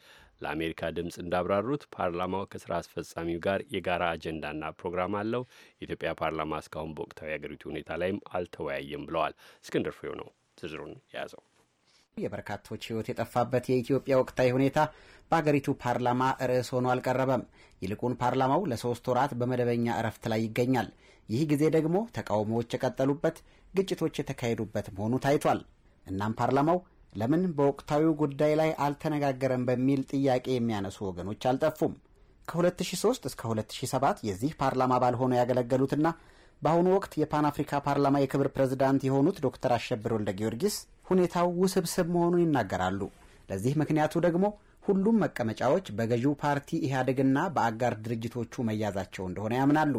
ለአሜሪካ ድምፅ እንዳብራሩት ፓርላማው ከስራ አስፈጻሚው ጋር የጋራ አጀንዳና ፕሮግራም አለው። የኢትዮጵያ ፓርላማ እስካሁን በወቅታዊ የአገሪቱ ሁኔታ ላይም አልተወያየም ብለዋል። እስክንድር ፍሬው ነው ዝርዝሩን የያዘው። የበርካቶች ሕይወት የጠፋበት የኢትዮጵያ ወቅታዊ ሁኔታ በአገሪቱ ፓርላማ ርዕስ ሆኖ አልቀረበም። ይልቁን ፓርላማው ለሶስት ወራት በመደበኛ እረፍት ላይ ይገኛል። ይህ ጊዜ ደግሞ ተቃውሞዎች የቀጠሉበት፣ ግጭቶች የተካሄዱበት መሆኑ ታይቷል። እናም ፓርላማው ለምን በወቅታዊው ጉዳይ ላይ አልተነጋገረም በሚል ጥያቄ የሚያነሱ ወገኖች አልጠፉም። ከ2003 እስከ 2007 የዚህ ፓርላማ አባል ሆነው ያገለገሉትና በአሁኑ ወቅት የፓን አፍሪካ ፓርላማ የክብር ፕሬዝዳንት የሆኑት ዶክተር አሸብር ወልደ ጊዮርጊስ ሁኔታው ውስብስብ መሆኑን ይናገራሉ። ለዚህ ምክንያቱ ደግሞ ሁሉም መቀመጫዎች በገዢው ፓርቲ ኢህአዴግና በአጋር ድርጅቶቹ መያዛቸው እንደሆነ ያምናሉ።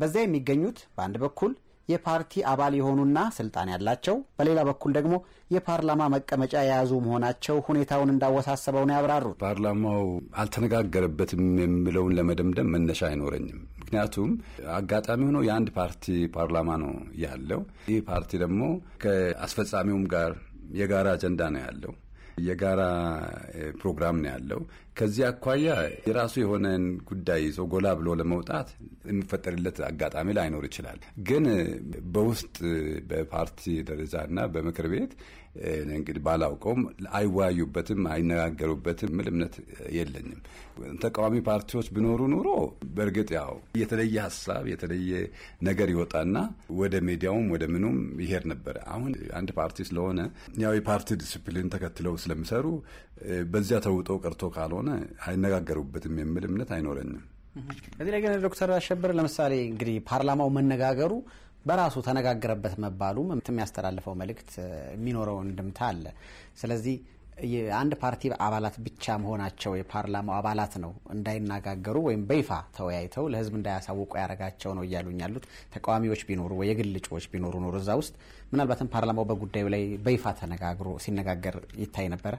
በዚያ የሚገኙት በአንድ በኩል የፓርቲ አባል የሆኑና ስልጣን ያላቸው በሌላ በኩል ደግሞ የፓርላማ መቀመጫ የያዙ መሆናቸው ሁኔታውን እንዳወሳሰበው ነው ያብራሩት። ፓርላማው አልተነጋገረበትም የሚለውን ለመደምደም መነሻ አይኖረኝም። ምክንያቱም አጋጣሚ ሆኖ የአንድ ፓርቲ ፓርላማ ነው ያለው። ይህ ፓርቲ ደግሞ ከአስፈጻሚውም ጋር የጋራ አጀንዳ ነው ያለው። የጋራ ፕሮግራም ነው ያለው። ከዚህ አኳያ የራሱ የሆነን ጉዳይ ይዞ ጎላ ብሎ ለመውጣት የሚፈጠርለት አጋጣሚ ላይኖር ይችላል። ግን በውስጥ በፓርቲ ደረጃ እና በምክር ቤት እንግዲህ ባላውቀውም አይወያዩበትም፣ አይነጋገሩበትም ምል እምነት የለኝም። ተቃዋሚ ፓርቲዎች ቢኖሩ ኑሮ በእርግጥ ያው የተለየ ሀሳብ የተለየ ነገር ይወጣና ወደ ሚዲያውም ወደ ምኑም ይሄድ ነበረ። አሁን አንድ ፓርቲ ስለሆነ ያው የፓርቲ ዲስፕሊን ተከትለው ስለሚሰሩ በዚያ ተውጦ ቀርቶ ካልሆነ አይነጋገሩበትም የሚል እምነት አይኖረኝም። እዚህ ላይ ግን ዶክተር አሸብር ለምሳሌ እንግዲህ ፓርላማው መነጋገሩ በራሱ ተነጋገረበት መባሉም የሚያስተላልፈው መልእክት የሚኖረው እንድምታ አለ። ስለዚህ የአንድ ፓርቲ አባላት ብቻ መሆናቸው የፓርላማው አባላት ነው እንዳይነጋገሩ ወይም በይፋ ተወያይተው ለህዝብ እንዳያሳውቁ ያደረጋቸው ነው እያሉኝ ያሉት ተቃዋሚዎች ቢኖሩ ወይ የግል እጩዎች ቢኖሩ ኖሩ እዛ ውስጥ ምናልባትም ፓርላማው በጉዳዩ ላይ በይፋ ተነጋግሮ ሲነጋገር ይታይ ነበረ።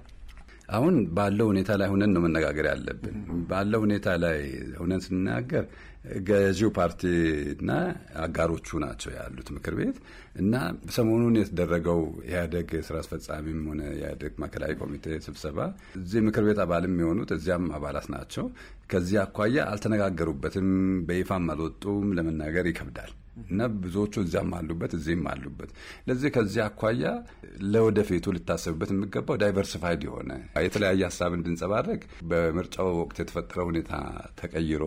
አሁን ባለው ሁኔታ ላይ ሁነን ነው መነጋገር ያለብን። ባለው ሁኔታ ላይ ሁነን ስንናገር ገዢው ፓርቲና አጋሮቹ ናቸው ያሉት ምክር ቤት እና ሰሞኑን የተደረገው ኢህአደግ ስራ አስፈጻሚም ሆነ ኢህአደግ ማዕከላዊ ኮሚቴ ስብሰባ እዚህ ምክር ቤት አባልም የሆኑት እዚያም አባላት ናቸው። ከዚህ አኳያ አልተነጋገሩበትም፣ በይፋም አልወጡም፣ ለመናገር ይከብዳል። እና ብዙዎቹ እዚያም አሉበት እዚህም አሉበት። ለዚህ ከዚህ አኳያ ለወደፊቱ ልታሰብበት የሚገባው ዳይቨርሲፋይድ የሆነ የተለያየ ሀሳብ እንድንጸባረቅ በምርጫው ወቅት የተፈጠረ ሁኔታ ተቀይሮ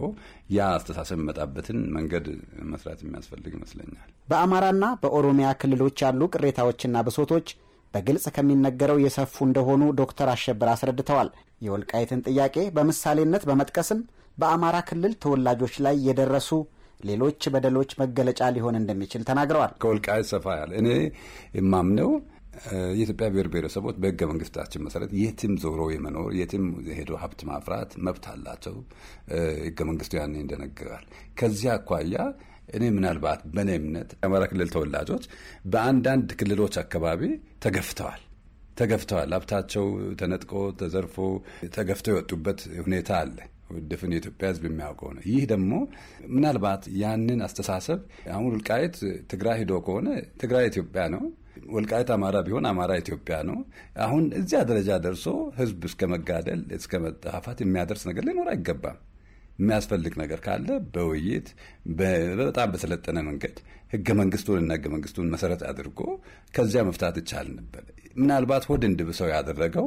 ያ አስተሳሰብ የሚመጣበትን መንገድ መስራት የሚያስፈልግ ይመስለኛል። በአማራና በኦሮሚያ ክልሎች ያሉ ቅሬታዎችና ብሶቶች በግልጽ ከሚነገረው የሰፉ እንደሆኑ ዶክተር አሸብር አስረድተዋል። የወልቃይትን ጥያቄ በምሳሌነት በመጥቀስም በአማራ ክልል ተወላጆች ላይ የደረሱ ሌሎች በደሎች መገለጫ ሊሆን እንደሚችል ተናግረዋል። ከወልቃይት ሰፋ ያለ እኔ የማምነው የኢትዮጵያ ብሔር ብሔረሰቦች በህገ መንግስታችን መሰረት የትም ዞሮ የመኖር የትም ሄዶ ሀብት ማፍራት መብት አላቸው። ህገ መንግስቱ ያን ይደነግጋል። ከዚያ አኳያ እኔ ምናልባት በእኔ እምነት የአማራ ክልል ተወላጆች በአንዳንድ ክልሎች አካባቢ ተገፍተዋል ተገፍተዋል ሀብታቸው ተነጥቆ ተዘርፎ ተገፍተው የወጡበት ሁኔታ አለ። ድፍን የኢትዮጵያ ህዝብ የሚያውቀው ነው። ይህ ደግሞ ምናልባት ያንን አስተሳሰብ አሁን ወልቃይት ትግራይ ሂዶ ከሆነ ትግራይ ኢትዮጵያ ነው፣ ወልቃየት አማራ ቢሆን አማራ ኢትዮጵያ ነው። አሁን እዚያ ደረጃ ደርሶ ህዝብ እስከ መጋደል እስከ መጠፋፋት የሚያደርስ ነገር ሊኖር አይገባም። የሚያስፈልግ ነገር ካለ በውይይት በጣም በሰለጠነ መንገድ ህገ መንግስቱንና ህገ መንግስቱን መሰረት አድርጎ ከዚያ መፍታት ይቻል ነበር። ምናልባት ሆድ እንድብሰው ያደረገው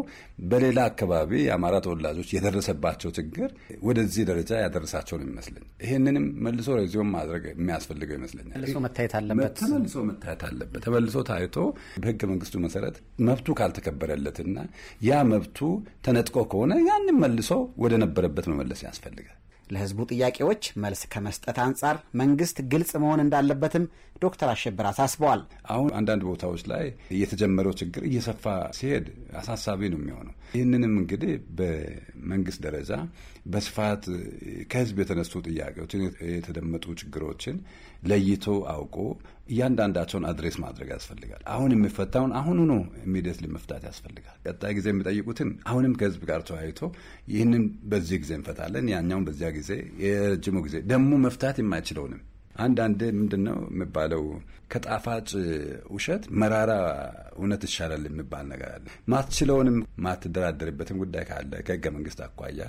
በሌላ አካባቢ የአማራ ተወላጆች የደረሰባቸው ችግር ወደዚህ ደረጃ ያደረሳቸው ነው ይመስለኝ። ይህንንም መልሶ ሬዚዮም ማድረግ የሚያስፈልገው ይመስለኛል። መልሶ መታየት አለበት። ተመልሶ መታየት አለበት። ተመልሶ ታይቶ በህገ መንግስቱ መሰረት መብቱ ካልተከበረለትና ያ መብቱ ተነጥቆ ከሆነ ያንን መልሶ ወደ ነበረበት መመለስ ያስፈልጋል። ለህዝቡ ጥያቄዎች መልስ ከመስጠት አንጻር መንግስት ግልጽ መሆን እንዳለበትም ዶክተር አሸብር አሳስበዋል። አሁን አንዳንድ ቦታዎች ላይ የተጀመረው ችግር እየሰፋ ሲሄድ አሳሳቢ ነው የሚሆነው። ይህንንም እንግዲህ በመንግስት ደረጃ በስፋት ከህዝብ የተነሱ ጥያቄዎችን፣ የተደመጡ ችግሮችን ለይቶ አውቆ እያንዳንዳቸውን አድሬስ ማድረግ ያስፈልጋል። አሁን የሚፈታውን አሁኑ ነው ኢሚዲየት መፍታት ያስፈልጋል። ቀጣይ ጊዜ የሚጠይቁትን አሁንም ከህዝብ ጋር ተወያይቶ ይህንን በዚህ ጊዜ እንፈታለን፣ ያኛውን በዚያ ጊዜ የረጅሙ ጊዜ ደግሞ መፍታት የማይችለውንም አንዳንድ ምንድን ነው የሚባለው ከጣፋጭ ውሸት መራራ እውነት ይሻላል የሚባል ነገር አለ። ማትችለውንም ማትደራደርበትን ጉዳይ ካለ ከህገ መንግስት አኳያ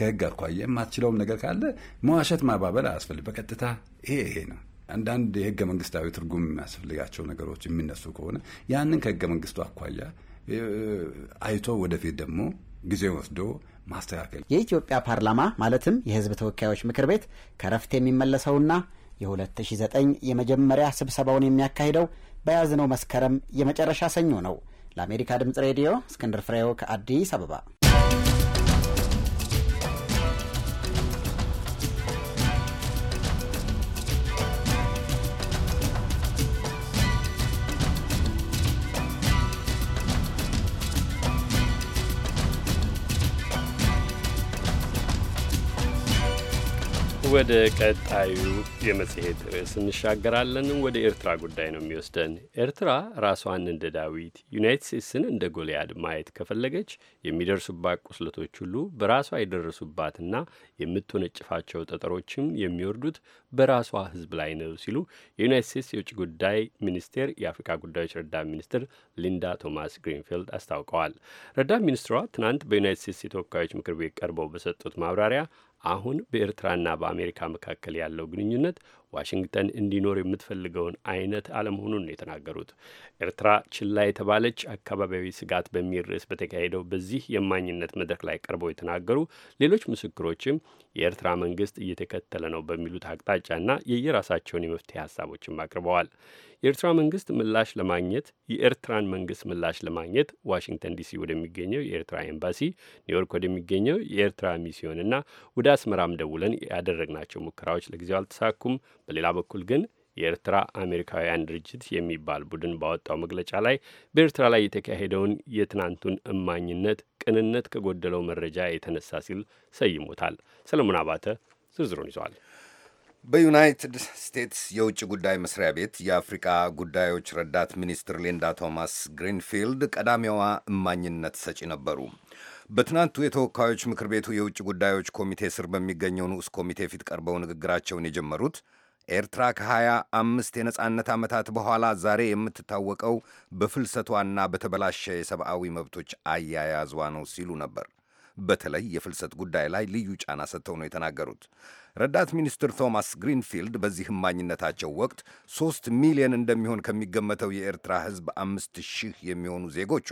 ከህግ አኳያ ማትችለውም ነገር ካለ መዋሸት ማባበል አያስፈልግ። በቀጥታ ይሄ ይሄ ነው። አንዳንድ የህገ መንግስታዊ ትርጉም የሚያስፈልጋቸው ነገሮች የሚነሱ ከሆነ ያንን ከህገ መንግስቱ አኳያ አይቶ ወደፊት ደግሞ ጊዜ ወስዶ ማስተካከል የኢትዮጵያ ፓርላማ ማለትም የህዝብ ተወካዮች ምክር ቤት ከረፍት የሚመለሰውና የ2009 የመጀመሪያ ስብሰባውን የሚያካሂደው በያዝነው መስከረም የመጨረሻ ሰኞ ነው። ለአሜሪካ ድምፅ ሬዲዮ እስክንድር ፍሬው ከአዲስ አበባ ወደ ቀጣዩ የመጽሔት ርዕስ እንሻገራለን። ወደ ኤርትራ ጉዳይ ነው የሚወስደን። ኤርትራ ራሷን እንደ ዳዊት ዩናይት ስቴትስን እንደ ጎልያድ ማየት ከፈለገች የሚደርሱባት ቁስለቶች ሁሉ በራሷ የደረሱባትና የምትወነጭፋቸው ጠጠሮችም የሚወርዱት በራሷ ሕዝብ ላይ ነው ሲሉ የዩናይት ስቴትስ የውጭ ጉዳይ ሚኒስቴር የአፍሪካ ጉዳዮች ረዳት ሚኒስትር ሊንዳ ቶማስ ግሪንፊልድ አስታውቀዋል። ረዳት ሚኒስትሯ ትናንት በዩናይት ስቴትስ የተወካዮች ምክር ቤት ቀርበው በሰጡት ማብራሪያ አሁን በኤርትራና በአሜሪካ መካከል ያለው ግንኙነት ዋሽንግተን እንዲኖር የምትፈልገውን አይነት አለመሆኑን የተናገሩት። ኤርትራ ችላ የተባለች አካባቢያዊ ስጋት በሚል ርዕስ በተካሄደው በዚህ የማኝነት መድረክ ላይ ቀርበው የተናገሩ ሌሎች ምስክሮችም የኤርትራ መንግስት እየተከተለ ነው በሚሉት አቅጣጫና የየራሳቸውን የመፍትሄ ሀሳቦችም አቅርበዋል። የኤርትራ መንግስት ምላሽ ለማግኘት የኤርትራን መንግስት ምላሽ ለማግኘት ዋሽንግተን ዲሲ ወደሚገኘው የኤርትራ ኤምባሲ፣ ኒውዮርክ ወደሚገኘው የኤርትራ ሚስዮንና ወደ አስመራም ደውለን ያደረግናቸው ሙከራዎች ለጊዜው አልተሳኩም። በሌላ በኩል ግን የኤርትራ አሜሪካውያን ድርጅት የሚባል ቡድን ባወጣው መግለጫ ላይ በኤርትራ ላይ የተካሄደውን የትናንቱን እማኝነት ቅንነት ከጎደለው መረጃ የተነሳ ሲል ሰይሞታል። ሰለሞን አባተ ዝርዝሩን ይዘዋል። በዩናይትድ ስቴትስ የውጭ ጉዳይ መስሪያ ቤት የአፍሪቃ ጉዳዮች ረዳት ሚኒስትር ሊንዳ ቶማስ ግሪንፊልድ ቀዳሚዋ እማኝነት ሰጪ ነበሩ። በትናንቱ የተወካዮች ምክር ቤቱ የውጭ ጉዳዮች ኮሚቴ ስር በሚገኘው ንዑስ ኮሚቴ ፊት ቀርበው ንግግራቸውን የጀመሩት ኤርትራ ከሀያ አምስት የነጻነት ዓመታት በኋላ ዛሬ የምትታወቀው በፍልሰቷና በተበላሸ የሰብአዊ መብቶች አያያዟ ነው ሲሉ ነበር በተለይ የፍልሰት ጉዳይ ላይ ልዩ ጫና ሰጥተው ነው የተናገሩት። ረዳት ሚኒስትር ቶማስ ግሪንፊልድ በዚህ እማኝነታቸው ወቅት ሶስት ሚሊዮን እንደሚሆን ከሚገመተው የኤርትራ ሕዝብ አምስት ሺህ የሚሆኑ ዜጎቿ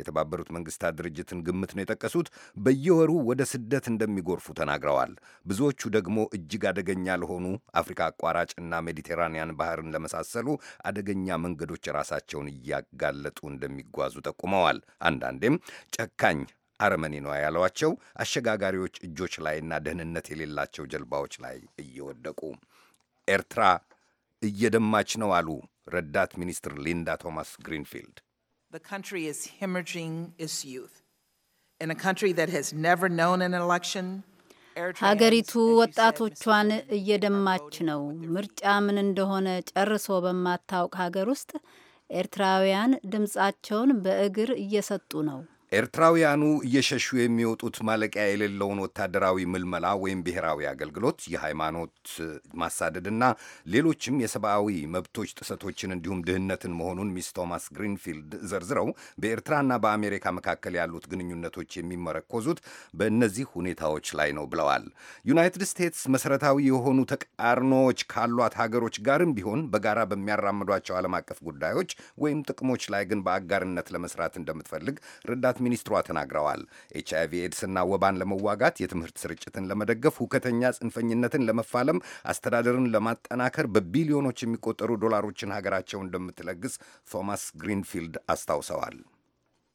የተባበሩት መንግስታት ድርጅትን ግምት ነው የጠቀሱት በየወሩ ወደ ስደት እንደሚጎርፉ ተናግረዋል። ብዙዎቹ ደግሞ እጅግ አደገኛ ለሆኑ አፍሪካ አቋራጭና ሜዲቴራንያን ባህርን ለመሳሰሉ አደገኛ መንገዶች ራሳቸውን እያጋለጡ እንደሚጓዙ ጠቁመዋል። አንዳንዴም ጨካኝ አርመኒ ነው ያሏቸው አሸጋጋሪዎች እጆች ላይና ደህንነት የሌላቸው ጀልባዎች ላይ እየወደቁ ኤርትራ እየደማች ነው አሉ ረዳት ሚኒስትር ሊንዳ ቶማስ ግሪንፊልድ። ሀገሪቱ ወጣቶቿን እየደማች ነው። ምርጫ ምን እንደሆነ ጨርሶ በማታውቅ ሀገር ውስጥ ኤርትራውያን ድምጻቸውን በእግር እየሰጡ ነው። ኤርትራውያኑ እየሸሹ የሚወጡት ማለቂያ የሌለውን ወታደራዊ ምልመላ ወይም ብሔራዊ አገልግሎት፣ የሃይማኖት ማሳደድና ሌሎችም የሰብአዊ መብቶች ጥሰቶችን እንዲሁም ድህነትን መሆኑን ሚስ ቶማስ ግሪንፊልድ ዘርዝረው በኤርትራና በአሜሪካ መካከል ያሉት ግንኙነቶች የሚመረኮዙት በእነዚህ ሁኔታዎች ላይ ነው ብለዋል። ዩናይትድ ስቴትስ መሰረታዊ የሆኑ ተቃርኖዎች ካሏት ሀገሮች ጋርም ቢሆን በጋራ በሚያራምዷቸው ዓለም አቀፍ ጉዳዮች ወይም ጥቅሞች ላይ ግን በአጋርነት ለመስራት እንደምትፈልግ ረዳት ረዳት ሚኒስትሯ ተናግረዋል። ኤች አይቪ ኤድስና ወባን ለመዋጋት፣ የትምህርት ስርጭትን ለመደገፍ፣ ሁከተኛ ጽንፈኝነትን ለመፋለም፣ አስተዳደርን ለማጠናከር በቢሊዮኖች የሚቆጠሩ ዶላሮችን ሀገራቸው እንደምትለግስ ቶማስ ግሪንፊልድ አስታውሰዋል።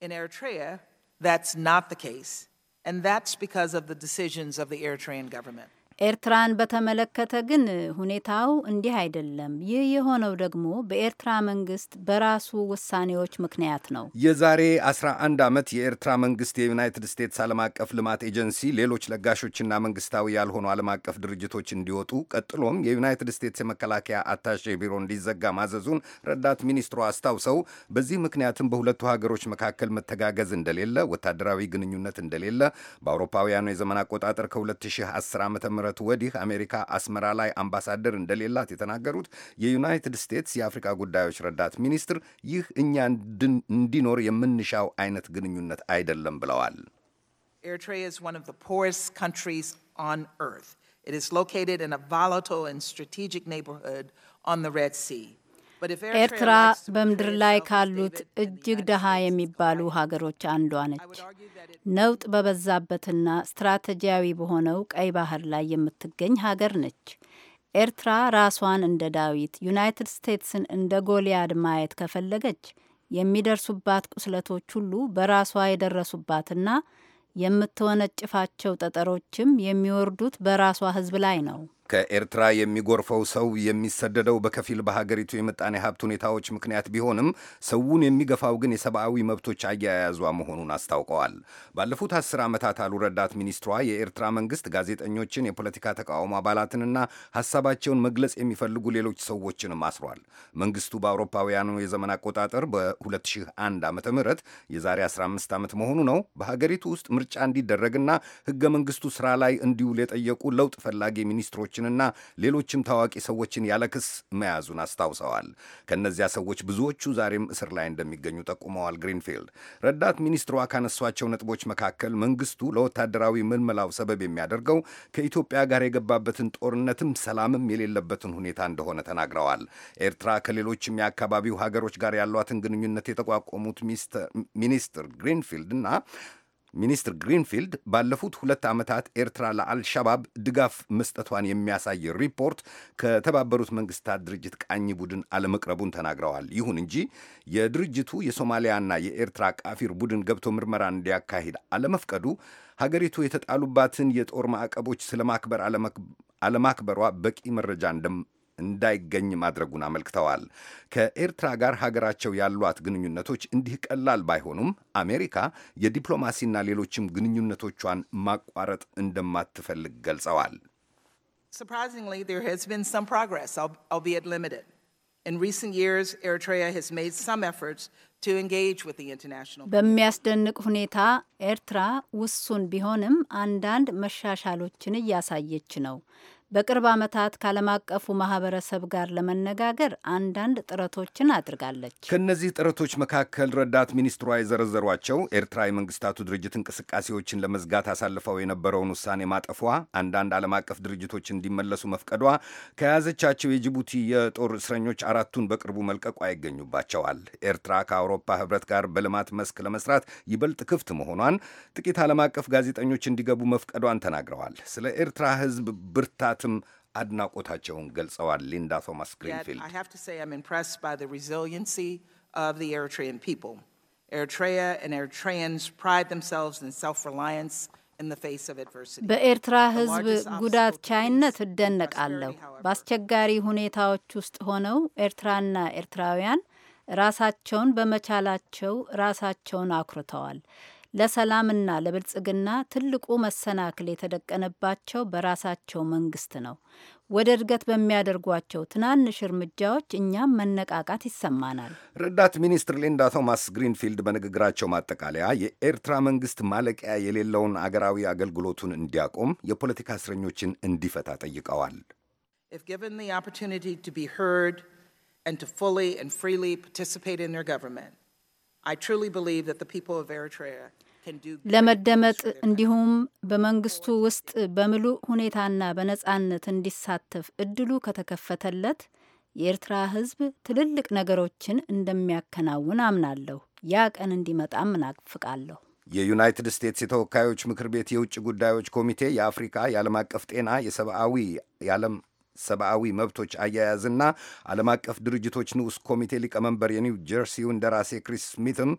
ኤርትራ ኤርትራን በተመለከተ ግን ሁኔታው እንዲህ አይደለም። ይህ የሆነው ደግሞ በኤርትራ መንግስት በራሱ ውሳኔዎች ምክንያት ነው። የዛሬ 11 ዓመት የኤርትራ መንግስት የዩናይትድ ስቴትስ ዓለም አቀፍ ልማት ኤጀንሲ፣ ሌሎች ለጋሾችና መንግስታዊ ያልሆኑ ዓለም አቀፍ ድርጅቶች እንዲወጡ ቀጥሎም የዩናይትድ ስቴትስ የመከላከያ አታሼ ቢሮ እንዲዘጋ ማዘዙን ረዳት ሚኒስትሩ አስታውሰው በዚህ ምክንያትም በሁለቱ ሀገሮች መካከል መተጋገዝ እንደሌለ፣ ወታደራዊ ግንኙነት እንደሌለ በአውሮፓውያኑ የዘመን አቆጣጠር ከ2010 ዓ ም ምረት ወዲህ አሜሪካ አስመራ ላይ አምባሳደር እንደሌላት የተናገሩት የዩናይትድ ስቴትስ የአፍሪካ ጉዳዮች ረዳት ሚኒስትር ይህ እኛ እንዲኖር የምንሻው አይነት ግንኙነት አይደለም ብለዋል። ኤርትራ ኤርትራ በምድር ላይ ካሉት እጅግ ደሃ የሚባሉ ሀገሮች አንዷ ነች። ነውጥ በበዛበትና ስትራቴጂያዊ በሆነው ቀይ ባህር ላይ የምትገኝ ሀገር ነች። ኤርትራ ራሷን እንደ ዳዊት፣ ዩናይትድ ስቴትስን እንደ ጎልያድ ማየት ከፈለገች የሚደርሱባት ቁስለቶች ሁሉ በራሷ የደረሱባትና የምትወነጭፋቸው ጠጠሮችም የሚወርዱት በራሷ ሕዝብ ላይ ነው። ከኤርትራ የሚጎርፈው ሰው የሚሰደደው በከፊል በሀገሪቱ የምጣኔ ሀብት ሁኔታዎች ምክንያት ቢሆንም ሰውን የሚገፋው ግን የሰብአዊ መብቶች አያያዟ መሆኑን አስታውቀዋል። ባለፉት አስር ዓመታት አሉ ረዳት ሚኒስትሯ የኤርትራ መንግስት ጋዜጠኞችን፣ የፖለቲካ ተቃውሞ አባላትንና ሀሳባቸውን መግለጽ የሚፈልጉ ሌሎች ሰዎችንም አስሯል። መንግስቱ በአውሮፓውያኑ የዘመን አቆጣጠር በ2001 ዓ ም የዛሬ 15 ዓመት መሆኑ ነው በሀገሪቱ ውስጥ ምርጫ እንዲደረግና ህገ መንግስቱ ስራ ላይ እንዲውል የጠየቁ ለውጥ ፈላጊ ሚኒስትሮችን ሰዎችንና ሌሎችም ታዋቂ ሰዎችን ያለ ክስ መያዙን አስታውሰዋል። ከእነዚያ ሰዎች ብዙዎቹ ዛሬም እስር ላይ እንደሚገኙ ጠቁመዋል። ግሪንፊልድ ረዳት ሚኒስትሯ ካነሷቸው ነጥቦች መካከል መንግስቱ ለወታደራዊ ምልመላው ሰበብ የሚያደርገው ከኢትዮጵያ ጋር የገባበትን ጦርነትም ሰላምም የሌለበትን ሁኔታ እንደሆነ ተናግረዋል። ኤርትራ ከሌሎችም የአካባቢው ሀገሮች ጋር ያሏትን ግንኙነት የተቋቋሙት ሚኒስትር ግሪንፊልድ እና ሚኒስትር ግሪንፊልድ ባለፉት ሁለት ዓመታት ኤርትራ ለአልሸባብ ድጋፍ መስጠቷን የሚያሳይ ሪፖርት ከተባበሩት መንግስታት ድርጅት ቃኝ ቡድን አለመቅረቡን ተናግረዋል። ይሁን እንጂ የድርጅቱ የሶማሊያና የኤርትራ ቃፊር ቡድን ገብቶ ምርመራ እንዲያካሂድ አለመፍቀዱ ሀገሪቱ የተጣሉባትን የጦር ማዕቀቦች ስለማክበር አለማክበሯ በቂ መረጃ እንዳይገኝ ማድረጉን አመልክተዋል። ከኤርትራ ጋር ሀገራቸው ያሏት ግንኙነቶች እንዲህ ቀላል ባይሆኑም አሜሪካ የዲፕሎማሲና ሌሎችም ግንኙነቶቿን ማቋረጥ እንደማትፈልግ ገልጸዋል። Surprisingly, there has been some progress, albeit limited. In recent years, Eritrea has made some efforts to engage with the international community. በሚያስደንቅ ሁኔታ ኤርትራ ውሱን ቢሆንም አንዳንድ መሻሻሎችን እያሳየች ነው። በቅርብ ዓመታት ከዓለም አቀፉ ማህበረሰብ ጋር ለመነጋገር አንዳንድ ጥረቶችን አድርጋለች። ከእነዚህ ጥረቶች መካከል ረዳት ሚኒስትሯ የዘረዘሯቸው ኤርትራ የመንግስታቱ ድርጅት እንቅስቃሴዎችን ለመዝጋት አሳልፈው የነበረውን ውሳኔ ማጠፏ፣ አንዳንድ ዓለም አቀፍ ድርጅቶች እንዲመለሱ መፍቀዷ፣ ከያዘቻቸው የጅቡቲ የጦር እስረኞች አራቱን በቅርቡ መልቀቋ ይገኙባቸዋል። ኤርትራ ከአውሮፓ ህብረት ጋር በልማት መስክ ለመስራት ይበልጥ ክፍት መሆኗን፣ ጥቂት ዓለም አቀፍ ጋዜጠኞች እንዲገቡ መፍቀዷን ተናግረዋል። ስለ ኤርትራ ህዝብ ብርታት ጥረትም አድናቆታቸውን ገልጸዋል። ሊንዳ ቶማስ ግሪንፊልድ በኤርትራ ሕዝብ ጉዳት ቻይነት እደነቃለሁ። በአስቸጋሪ ሁኔታዎች ውስጥ ሆነው ኤርትራና ኤርትራውያን ራሳቸውን በመቻላቸው ራሳቸውን አኩርተዋል። ለሰላምና ለብልጽግና ትልቁ መሰናክል የተደቀነባቸው በራሳቸው መንግስት ነው። ወደ እድገት በሚያደርጓቸው ትናንሽ እርምጃዎች እኛም መነቃቃት ይሰማናል። ረዳት ሚኒስትር ሊንዳ ቶማስ ግሪንፊልድ በንግግራቸው ማጠቃለያ የኤርትራ መንግስት ማለቂያ የሌለውን አገራዊ አገልግሎቱን እንዲያቆም፣ የፖለቲካ እስረኞችን እንዲፈታ ጠይቀዋል። ኦፖርቹኒቲ ቱ ቢ ሄርድ ኤንድ ቱ ፉሊ ኤንድ ፍሪሊ ፓርቲሲፔት ኢን ገቨርንመንት ለመደመጥ እንዲሁም በመንግስቱ ውስጥ በምሉእ ሁኔታና በነጻነት እንዲሳተፍ እድሉ ከተከፈተለት የኤርትራ ሕዝብ ትልልቅ ነገሮችን እንደሚያከናውን አምናለሁ። ያ ቀን እንዲመጣም እናፍቃለሁ። የዩናይትድ ስቴትስ የተወካዮች ምክር ቤት የውጭ ጉዳዮች ኮሚቴ የአፍሪካ የዓለም አቀፍ ጤና የሰብአዊ የዓለም ሰብአዊ መብቶች አያያዝና ዓለም አቀፍ ድርጅቶች ንዑስ ኮሚቴ ሊቀመንበር የኒው ጀርሲው እንደራሴ ክሪስ ስሚትም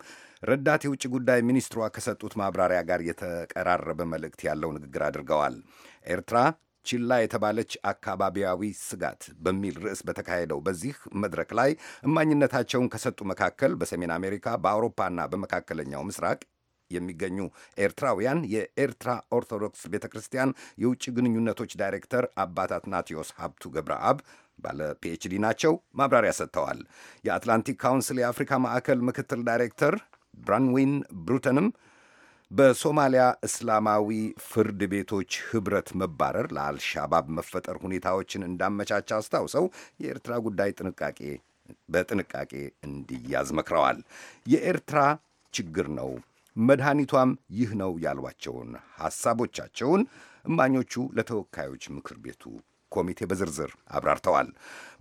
ረዳት የውጭ ጉዳይ ሚኒስትሯ ከሰጡት ማብራሪያ ጋር የተቀራረበ መልእክት ያለው ንግግር አድርገዋል። ኤርትራ ችላ የተባለች አካባቢያዊ ስጋት በሚል ርዕስ በተካሄደው በዚህ መድረክ ላይ እማኝነታቸውን ከሰጡ መካከል በሰሜን አሜሪካ፣ በአውሮፓና በመካከለኛው ምስራቅ የሚገኙ ኤርትራውያን የኤርትራ ኦርቶዶክስ ቤተ ክርስቲያን የውጭ ግንኙነቶች ዳይሬክተር አባት አትናቴዎስ ሀብቱ ገብረአብ ባለ ፒኤችዲ ናቸው። ማብራሪያ ሰጥተዋል። የአትላንቲክ ካውንስል የአፍሪካ ማዕከል ምክትል ዳይሬክተር ብራንዊን ብሩተንም በሶማሊያ እስላማዊ ፍርድ ቤቶች ህብረት መባረር ለአልሻባብ መፈጠር ሁኔታዎችን እንዳመቻቸ አስታውሰው የኤርትራ ጉዳይ ጥንቃቄ በጥንቃቄ እንዲያዝ መክረዋል። የኤርትራ ችግር ነው መድኃኒቷም ይህ ነው ያሏቸውን ሐሳቦቻቸውን እማኞቹ ለተወካዮች ምክር ቤቱ ኮሚቴ በዝርዝር አብራርተዋል።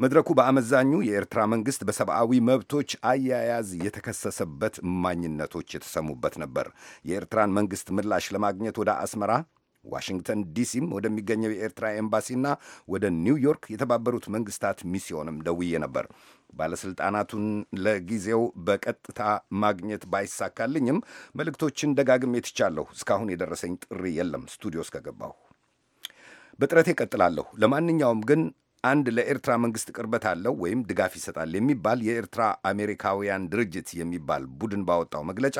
መድረኩ በአመዛኙ የኤርትራ መንግሥት በሰብአዊ መብቶች አያያዝ የተከሰሰበት እማኝነቶች የተሰሙበት ነበር። የኤርትራን መንግሥት ምላሽ ለማግኘት ወደ አስመራ ዋሽንግተን ዲሲም ወደሚገኘው የኤርትራ ኤምባሲና ወደ ኒውዮርክ የተባበሩት መንግስታት ሚስዮንም ደውዬ ነበር። ባለሥልጣናቱን ለጊዜው በቀጥታ ማግኘት ባይሳካልኝም መልእክቶችን ደጋግሜ ትቻለሁ። እስካሁን የደረሰኝ ጥሪ የለም ስቱዲዮ እስከገባሁ በጥረቴ እቀጥላለሁ። ለማንኛውም ግን አንድ ለኤርትራ መንግስት ቅርበት አለው ወይም ድጋፍ ይሰጣል የሚባል የኤርትራ አሜሪካውያን ድርጅት የሚባል ቡድን ባወጣው መግለጫ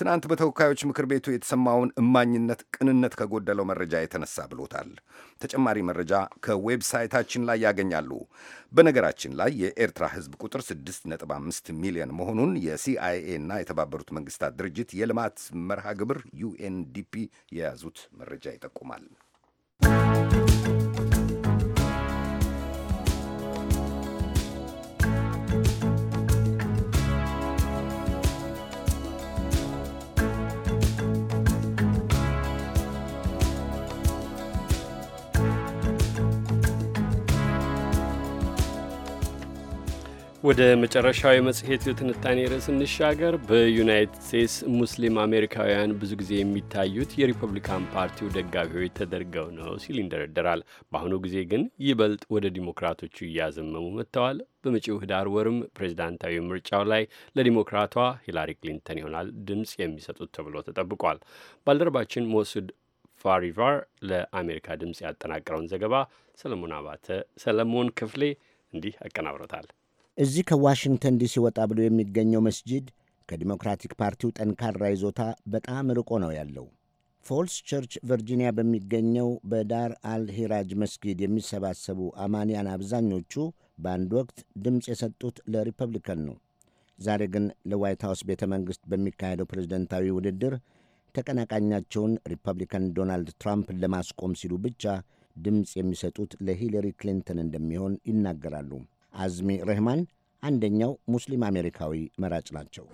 ትናንት በተወካዮች ምክር ቤቱ የተሰማውን እማኝነት ቅንነት ከጎደለው መረጃ የተነሳ ብሎታል። ተጨማሪ መረጃ ከዌብሳይታችን ላይ ያገኛሉ። በነገራችን ላይ የኤርትራ ህዝብ ቁጥር 6.5 ሚሊዮን መሆኑን የሲአይኤ እና የተባበሩት መንግስታት ድርጅት የልማት መርሃ ግብር ዩኤንዲፒ የያዙት መረጃ ይጠቁማል። ወደ መጨረሻው የመጽሔት ትንታኔ ርዕስ እንሻገር። በዩናይትድ ስቴትስ ሙስሊም አሜሪካውያን ብዙ ጊዜ የሚታዩት የሪፐብሊካን ፓርቲው ደጋፊዎች ተደርገው ነው ሲል ይንደረደራል። በአሁኑ ጊዜ ግን ይበልጥ ወደ ዲሞክራቶቹ እያዘመሙ መጥተዋል። በመጪው ህዳር ወርም ፕሬዚዳንታዊ ምርጫው ላይ ለዲሞክራቷ ሂላሪ ክሊንተን ይሆናል ድምፅ የሚሰጡት ተብሎ ተጠብቋል። ባልደረባችን መወስድ ፋሪቫር ለአሜሪካ ድምፅ ያጠናቀረውን ዘገባ ሰለሞን አባተ ሰለሞን ክፍሌ እንዲህ አቀናብሮታል። እዚህ ከዋሽንግተን ዲሲ ወጣ ብሎ የሚገኘው መስጂድ ከዲሞክራቲክ ፓርቲው ጠንካራ ይዞታ በጣም ርቆ ነው ያለው። ፎልስ ቸርች ቨርጂኒያ በሚገኘው በዳር አልሂራጅ መስጊድ የሚሰባሰቡ አማንያን አብዛኞቹ በአንድ ወቅት ድምፅ የሰጡት ለሪፐብሊካን ነው። ዛሬ ግን ለዋይት ሀውስ ቤተ መንግሥት በሚካሄደው ፕሬዝደንታዊ ውድድር ተቀናቃኛቸውን ሪፐብሊካን ዶናልድ ትራምፕን ለማስቆም ሲሉ ብቻ ድምፅ የሚሰጡት ለሂለሪ ክሊንተን እንደሚሆን ይናገራሉ። አዝሚ ረህማን አንደኛው ሙስሊም አሜሪካዊ መራጭ ናቸው።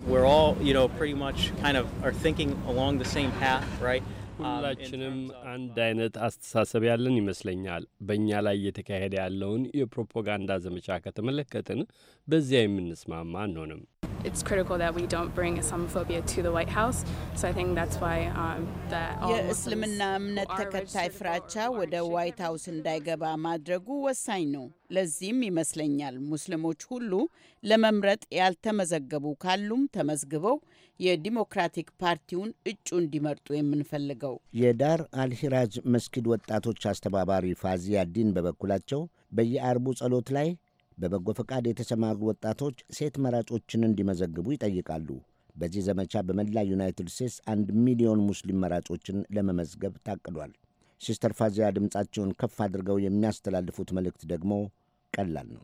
um, ሁላችንም አንድ አይነት አስተሳሰብ ያለን ይመስለኛል። በእኛ ላይ እየተካሄደ ያለውን የፕሮፓጋንዳ ዘመቻ ከተመለከትን በዚያ የምንስማማ አንሆንም። it's critical that we don't bring Islamophobia to the White House. So I think that's why um, that all የእስልምና እምነት ተከታይ ፍራቻ ወደ ዋይት ሀውስ እንዳይገባ ማድረጉ ወሳኝ ነው። ለዚህም ይመስለኛል ሙስሊሞች ሁሉ ለመምረጥ ያልተመዘገቡ ካሉም ተመዝግበው የዲሞክራቲክ ፓርቲውን እጩ እንዲመርጡ የምንፈልገው። የዳር አልሂራጅ መስጊድ ወጣቶች አስተባባሪ ፋዚያ ዲን በበኩላቸው በየአርቡ ጸሎት ላይ በበጎ ፈቃድ የተሰማሩ ወጣቶች ሴት መራጮችን እንዲመዘግቡ ይጠይቃሉ። በዚህ ዘመቻ በመላ ዩናይትድ ስቴትስ አንድ ሚሊዮን ሙስሊም መራጮችን ለመመዝገብ ታቅዷል። ሲስተር ፋዚያ ድምፃቸውን ከፍ አድርገው የሚያስተላልፉት መልእክት ደግሞ ቀላል ነው።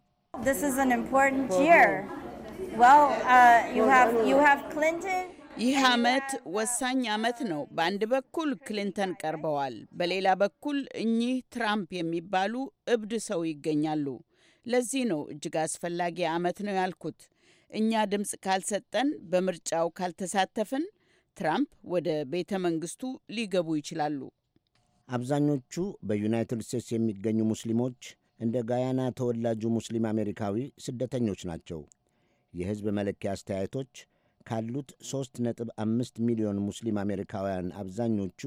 uh, ይህ ዓመት ወሳኝ ዓመት ነው። በአንድ በኩል ክሊንተን ቀርበዋል፣ በሌላ በኩል እኚህ ትራምፕ የሚባሉ እብድ ሰው ይገኛሉ። ለዚህ ነው እጅግ አስፈላጊ ዓመት ነው ያልኩት። እኛ ድምፅ ካልሰጠን፣ በምርጫው ካልተሳተፍን ትራምፕ ወደ ቤተ መንግስቱ ሊገቡ ይችላሉ። አብዛኞቹ በዩናይትድ ስቴትስ የሚገኙ ሙስሊሞች እንደ ጋያና ተወላጁ ሙስሊም አሜሪካዊ ስደተኞች ናቸው። የሕዝብ መለኪያ አስተያየቶች ካሉት 3.5 ሚሊዮን ሙስሊም አሜሪካውያን አብዛኞቹ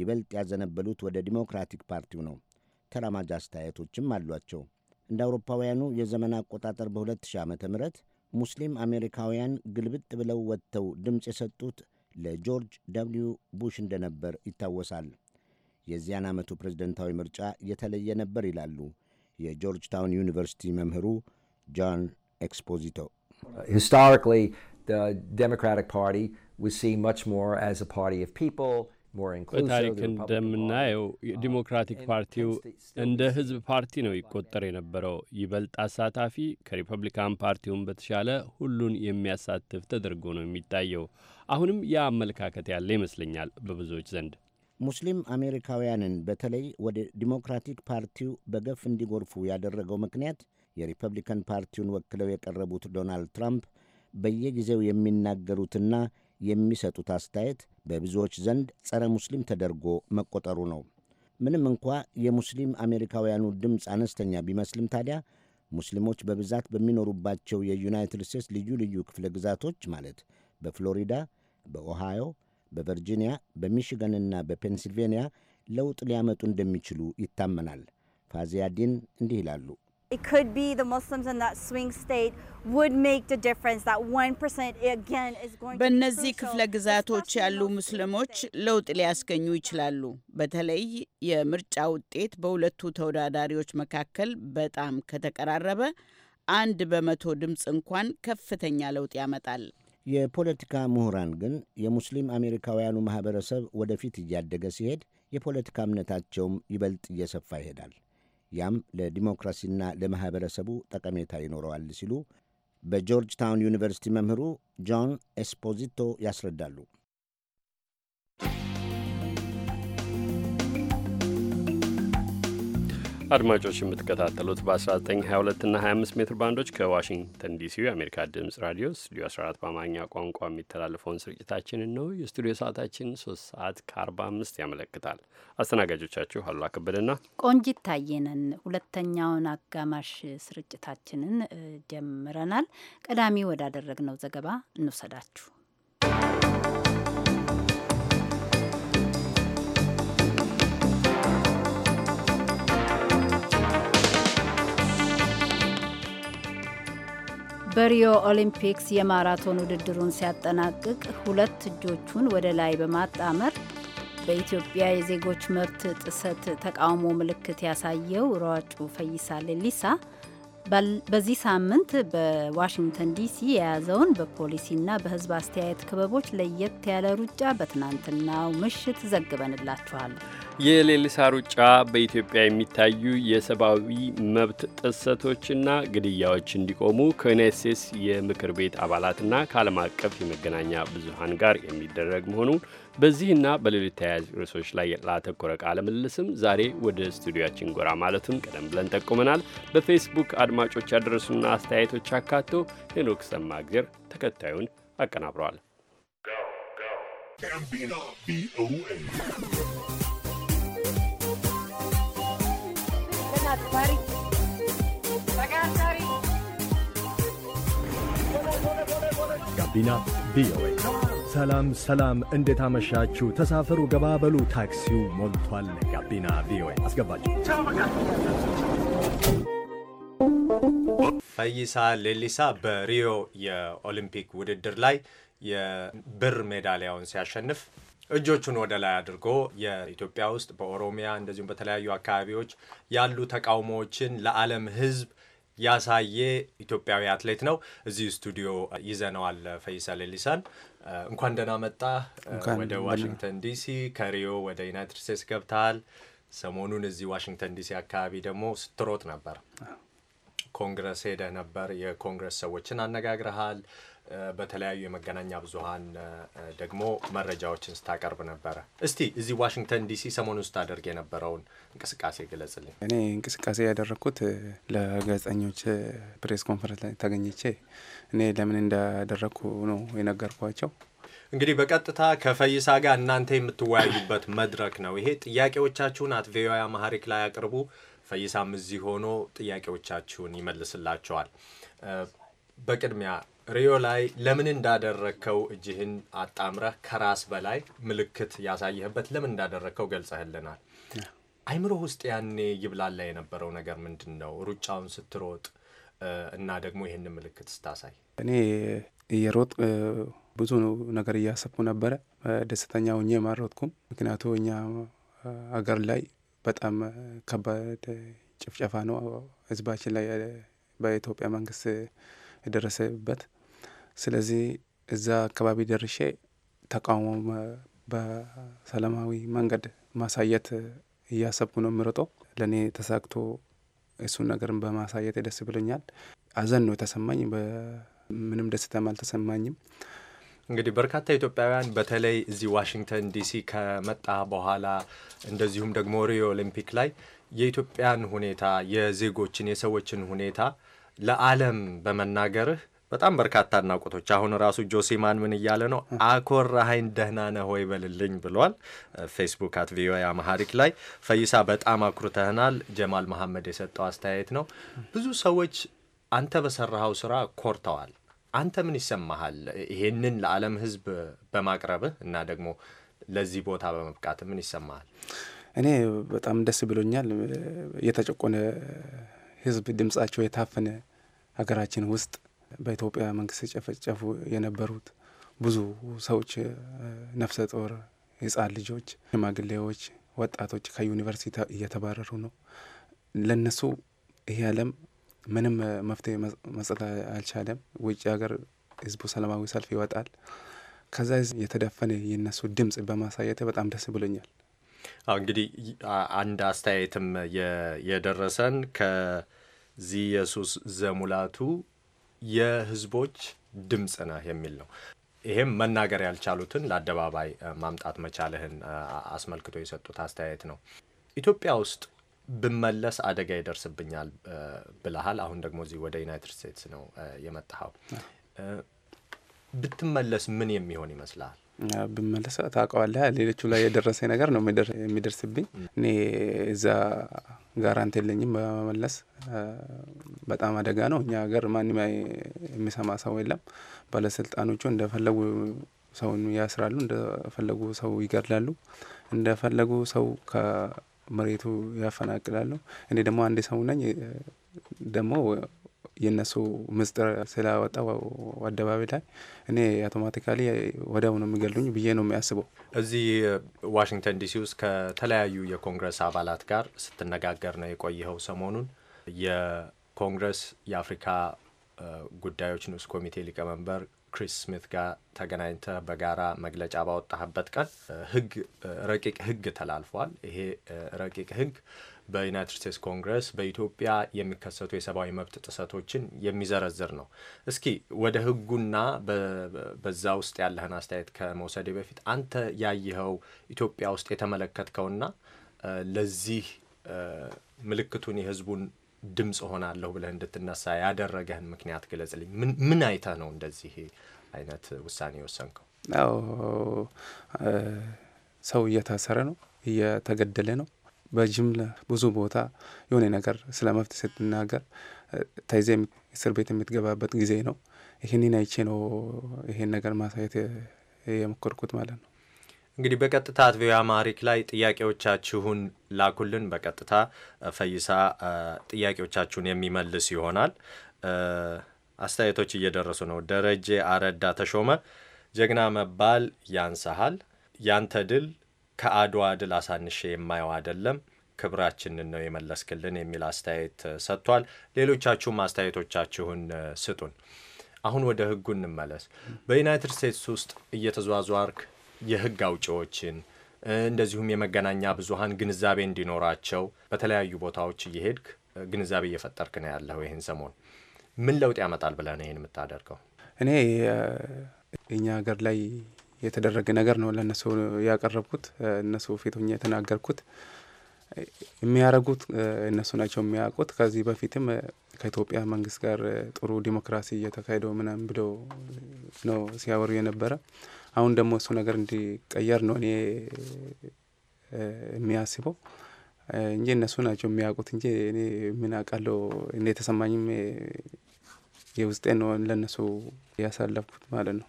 ይበልጥ ያዘነበሉት ወደ ዲሞክራቲክ ፓርቲው ነው። ተራማጅ አስተያየቶችም አሏቸው። እንደ አውሮፓውያኑ የዘመን አቆጣጠር በ2000 ዓ ም ሙስሊም አሜሪካውያን ግልብጥ ብለው ወጥተው ድምፅ የሰጡት ለጆርጅ ደብልዩ ቡሽ እንደነበር ይታወሳል። የዚያን ዓመቱ ፕሬዝደንታዊ ምርጫ የተለየ ነበር ይላሉ የጆርጅ ታውን ዩኒቨርሲቲ መምህሩ ጆን ኤክስፖዚቶ። ሂስቶሪካሊ ዴሞክራቲክ ፓርቲ በታሪክ እንደምናየው uh, ዲሞክራቲክ ፓርቲው እንደ ህዝብ ፓርቲ ነው ይቆጠር የነበረው። ይበልጥ አሳታፊ ከሪፐብሊካን ፓርቲውን በተሻለ ሁሉን የሚያሳትፍ ተደርጎ ነው የሚታየው። አሁንም ያ አመለካከት ያለ ይመስለኛል በብዙዎች ዘንድ። ሙስሊም አሜሪካውያንን በተለይ ወደ ዲሞክራቲክ ፓርቲው በገፍ እንዲጎርፉ ያደረገው ምክንያት የሪፐብሊካን ፓርቲውን ወክለው የቀረቡት ዶናልድ ትራምፕ በየጊዜው የሚናገሩትና የሚሰጡት አስተያየት በብዙዎች ዘንድ ጸረ ሙስሊም ተደርጎ መቆጠሩ ነው። ምንም እንኳ የሙስሊም አሜሪካውያኑ ድምፅ አነስተኛ ቢመስልም ታዲያ ሙስሊሞች በብዛት በሚኖሩባቸው የዩናይትድ ስቴትስ ልዩ ልዩ ክፍለ ግዛቶች ማለት በፍሎሪዳ፣ በኦሃዮ፣ በቨርጂኒያ፣ በሚሽገንና በፔንሲልቬንያ ለውጥ ሊያመጡ እንደሚችሉ ይታመናል። ፋዚያዲን እንዲህ ይላሉ። It could be the Muslims in that swing state would make the difference. That 1% again is going to በእነዚህ ክፍለ ግዛቶች ያሉ ሙስሊሞች ለውጥ ሊያስገኙ ይችላሉ። በተለይ የምርጫ ውጤት በሁለቱ ተወዳዳሪዎች መካከል በጣም ከተቀራረበ አንድ በመቶ ድምፅ እንኳን ከፍተኛ ለውጥ ያመጣል። የፖለቲካ ምሁራን ግን የሙስሊም አሜሪካውያኑ ማህበረሰብ ወደፊት እያደገ ሲሄድ የፖለቲካ እምነታቸውም ይበልጥ እየሰፋ ይሄዳል። ያም ለዲሞክራሲና ለማኅበረሰቡ ጠቀሜታ ይኖረዋል ሲሉ በጆርጅ ታውን ዩኒቨርሲቲ መምህሩ ጆን ኤስፖዚቶ ያስረዳሉ። አድማጮች የምትከታተሉት በ1922 እና 25 ሜትር ባንዶች ከዋሽንግተን ዲሲ የአሜሪካ ድምፅ ራዲዮ ስቱዲዮ 14 በአማርኛ ቋንቋ የሚተላለፈውን ስርጭታችንን ነው። የስቱዲዮ ሰዓታችን 3 ሰዓት ከ45 ያመለክታል። አስተናጋጆቻችሁ አሉላ ከበደና ቆንጂት ታየነን። ሁለተኛውን አጋማሽ ስርጭታችንን ጀምረናል። ቀዳሚ ወዳደረግነው ዘገባ እንውሰዳችሁ። በሪዮ ኦሊምፒክስ የማራቶን ውድድሩን ሲያጠናቅቅ ሁለት እጆቹን ወደ ላይ በማጣመር በኢትዮጵያ የዜጎች መብት ጥሰት ተቃውሞ ምልክት ያሳየው ሯጩ ፈይሳ ሌሊሳ በዚህ ሳምንት በዋሽንግተን ዲሲ የያዘውን በፖሊሲና በሕዝብ አስተያየት ክበቦች ለየት ያለ ሩጫ በትናንትናው ምሽት ዘግበንላችኋል። የሌሊሳ ሩጫ በኢትዮጵያ የሚታዩ የሰብአዊ መብት ጥሰቶችና ግድያዎች እንዲቆሙ ከዩናይት ስቴትስ የምክር ቤት አባላትና ከዓለም አቀፍ የመገናኛ ብዙሀን ጋር የሚደረግ መሆኑን በዚህና በሌሎች ተያያዥ ርዕሶች ላይ ላተኮረ ቃለ ምልልስም ዛሬ ወደ ስቱዲያችን ጎራ ማለቱን ቀደም ብለን ጠቁመናል። በፌስቡክ አድማጮች ያደረሱና አስተያየቶች አካቶ ሄኖክ ሰማእግዜር ተከታዩን አቀናብረዋል። ጋቢና ቪኦኤ። ሰላም ሰላም፣ እንዴት አመሻችሁ? ተሳፈሩ፣ ገባበሉ፣ ታክሲው ሞልቷል። ጋቢና ቪኦኤ ሰላም ሰላም እንዴት አመሻችሁ ተሳፈሩ በሉ፣ ታክሲው ሞልቷል ጋቢና ቪኦኤ አስገባችሁ ፈይሳ ሌሊሳ በሪዮ የኦሊምፒክ ውድድር ላይ የብር ሜዳሊያውን ሲያሸንፍ እጆቹን ወደ ላይ አድርጎ የኢትዮጵያ ውስጥ በኦሮሚያ እንደዚሁም በተለያዩ አካባቢዎች ያሉ ተቃውሞዎችን ለዓለም ሕዝብ ያሳየ ኢትዮጵያዊ አትሌት ነው። እዚህ ስቱዲዮ ይዘነዋል። ፈይሳል ሊሳን እንኳን ደህና መጣ ወደ ዋሽንግተን ዲሲ። ከሪዮ ወደ ዩናይትድ ስቴትስ ገብተሃል። ሰሞኑን እዚህ ዋሽንግተን ዲሲ አካባቢ ደግሞ ስትሮጥ ነበር። ኮንግረስ ሄደህ ነበር፣ የኮንግረስ ሰዎችን አነጋግረሃል፣ በተለያዩ የመገናኛ ብዙሀን ደግሞ መረጃዎችን ስታቀርብ ነበረ። እስቲ እዚህ ዋሽንግተን ዲሲ ሰሞኑን ስታደርግ የነበረውን እንቅስቃሴ ግለጽልኝ። እኔ እንቅስቃሴ ያደረግኩት ለጋዜጠኞች ፕሬስ ኮንፈረንስ ላይ ተገኝቼ እኔ ለምን እንዳደረግኩ ነው የነገርኳቸው። እንግዲህ በቀጥታ ከፈይሳ ጋር እናንተ የምትወያዩበት መድረክ ነው ይሄ። ጥያቄዎቻችሁን አት ቪኦኤ አማሪክ ላይ አቅርቡ። ፈይሳም እዚህ ሆኖ ጥያቄዎቻችሁን ይመልስላቸዋል። በቅድሚያ ሪዮ ላይ ለምን እንዳደረግከው እጅህን አጣምረህ ከራስ በላይ ምልክት ያሳየህበት ለምን እንዳደረግከው ገልጸህልናል። አይምሮ ውስጥ ያኔ ይብላላ የነበረው ነገር ምንድን ነው? ሩጫውን ስትሮጥ እና ደግሞ ይህንን ምልክት ስታሳይ እኔ እየሮጥ ብዙ ነገር እያሰብኩ ነበረ። ደስተኛ ሁኜ ማሮጥኩም። ምክንያቱ እኛ አገር ላይ በጣም ከባድ ጭፍጨፋ ነው ህዝባችን ላይ በኢትዮጵያ መንግስት የደረሰበት። ስለዚህ እዛ አካባቢ ደርሼ ተቃውሞ በሰላማዊ መንገድ ማሳየት እያሰብኩ ነው የምሮጠው። ለእኔ ተሳክቶ እሱን ነገርን በማሳየት ደስ ብሎኛል። አዘን ነው የተሰማኝ። ምንም ደስታም አልተሰማኝም። እንግዲህ በርካታ ኢትዮጵያውያን በተለይ እዚህ ዋሽንግተን ዲሲ ከመጣ በኋላ እንደዚሁም ደግሞ ሪዮ ኦሊምፒክ ላይ የኢትዮጵያን ሁኔታ የዜጎችን የሰዎችን ሁኔታ ለዓለም በመናገርህ በጣም በርካታ አድናቆቶች አሁን ራሱ ጆሲማን ምን እያለ ነው? አኮራሃኝ ደህና ነህ ወይ በልልኝ ብሏል። ፌስቡክ አት ቪኦኤ አማሃሪክ ላይ ፈይሳ በጣም አኩርተህናል፣ ጀማል መሐመድ የሰጠው አስተያየት ነው። ብዙ ሰዎች አንተ በሰራኸው ስራ ኮርተዋል። አንተ ምን ይሰማሃል? ይሄንን ለዓለም ህዝብ በማቅረብህ እና ደግሞ ለዚህ ቦታ በመብቃት ምን ይሰማሃል? እኔ በጣም ደስ ብሎኛል። የተጨቆነ ህዝብ ድምጻቸው የታፈነ ሀገራችን ውስጥ በኢትዮጵያ መንግስት ሲጨፈጨፉ የነበሩት ብዙ ሰዎች፣ ነፍሰ ጦር ህጻን ልጆች፣ ሽማግሌዎች፣ ወጣቶች ከዩኒቨርሲቲ እየተባረሩ ነው። ለነሱ ይሄ ዓለም ምንም መፍትሄ መስጠት አልቻለም። ውጭ ሀገር ህዝቡ ሰላማዊ ሰልፍ ይወጣል። ከዛ የተደፈነ የነሱ ድምጽ በማሳየት በጣም ደስ ብሎኛል። እንግዲህ አንድ አስተያየትም የደረሰን ከዚህ የሱስ ዘሙላቱ የህዝቦች ድምጽ ነህ የሚል ነው። ይሄም መናገር ያልቻሉትን ለአደባባይ ማምጣት መቻልህን አስመልክቶ የሰጡት አስተያየት ነው። ኢትዮጵያ ውስጥ ብመለስ አደጋ ይደርስብኛል ብለሃል። አሁን ደግሞ እዚህ ወደ ዩናይትድ ስቴትስ ነው የመጣኸው። ብትመለስ ምን የሚሆን ይመስልሃል? ብመለስ ታውቀዋለህ፣ ሌሎቹ ላይ የደረሰ ነገር ነው የሚደርስብኝ። እኔ እዛ ጋራንት የለኝም በመመለስ በጣም አደጋ ነው። እኛ ሀገር ማንም የሚሰማ ሰው የለም። ባለስልጣኖቹ እንደፈለጉ ሰውን ያስራሉ፣ እንደፈለጉ ሰው ይገድላሉ፣ እንደፈለጉ ሰው መሬቱ ያፈናቅላሉ። እኔ ደግሞ አንድ ሰው ነኝ ደግሞ የእነሱ ምስጢር ስላወጣው አደባባይ ላይ እኔ አውቶማቲካሊ ወዲያው ነው የሚገሉኝ ብዬ ነው የሚያስበው። እዚህ ዋሽንግተን ዲሲ ውስጥ ከተለያዩ የኮንግረስ አባላት ጋር ስትነጋገር ነው የቆየኸው። ሰሞኑን የኮንግረስ የአፍሪካ ጉዳዮች ንዑስ ኮሚቴ ሊቀመንበር ክሪስ ስሚት ጋር ተገናኝተ በጋራ መግለጫ ባወጣህበት ቀን ህግ ረቂቅ ህግ ተላልፏል። ይሄ ረቂቅ ህግ በዩናይትድ ስቴትስ ኮንግረስ በኢትዮጵያ የሚከሰቱ የሰብአዊ መብት ጥሰቶችን የሚዘረዝር ነው። እስኪ ወደ ህጉና በዛ ውስጥ ያለህን አስተያየት ከመውሰዴ በፊት አንተ ያየኸው ኢትዮጵያ ውስጥ የተመለከትከውና ለዚህ ምልክቱን የህዝቡን ድምፅ ሆናለሁ ብለህ እንድትነሳ ያደረገህን ምክንያት ግለጽልኝ። ምን አይተ ነው እንደዚህ አይነት ውሳኔ የወሰንከው? ሰው እየታሰረ ነው፣ እየተገደለ ነው በጅምላ ብዙ ቦታ የሆነ ነገር ስለ መፍትሄ ስትናገር ተይዘ እስር ቤት የምትገባበት ጊዜ ነው። ይህንን አይቼ ነው ይሄን ነገር ማሳየት የሞከርኩት ማለት ነው። እንግዲህ በቀጥታ አት አማሪክ ላይ ጥያቄዎቻችሁን ላኩልን። በቀጥታ ፈይሳ ጥያቄዎቻችሁን የሚመልስ ይሆናል። አስተያየቶች እየደረሱ ነው። ደረጀ አረዳ ተሾመ፣ ጀግና መባል ያንሰሃል። ያንተ ድል ከአድዋ ድል አሳንሼ የማየው አይደለም ክብራችንን ነው የመለስክልን የሚል አስተያየት ሰጥቷል። ሌሎቻችሁም አስተያየቶቻችሁን ስጡን። አሁን ወደ ህጉ እንመለስ። በዩናይትድ ስቴትስ ውስጥ እየተዟዟርክ የህግ አውጪዎችን እንደዚሁም የመገናኛ ብዙሀን ግንዛቤ እንዲኖራቸው በተለያዩ ቦታዎች እየሄድክ ግንዛቤ እየፈጠርክ ነው ያለው። ይህን ሰሞን ምን ለውጥ ያመጣል ብለህ ነው ይህን የምታደርገው? እኔ እኛ ሀገር ላይ የተደረገ ነገር ነው ለእነሱ ያቀረብኩት፣ እነሱ ፊቶኛ የተናገርኩት። የሚያደርጉት እነሱ ናቸው የሚያውቁት። ከዚህ በፊትም ከኢትዮጵያ መንግስት ጋር ጥሩ ዲሞክራሲ እየተካሄደው ምናምን ብሎ ነው ሲያወሩ የነበረ አሁን ደግሞ እሱ ነገር እንዲቀየር ነው እኔ የሚያስበው እንጂ እነሱ ናቸው የሚያውቁት እንጂ እኔ ምን አውቃለሁ። እኔ የተሰማኝም የውስጤ ነው ለእነሱ ያሳለፍኩት ማለት ነው።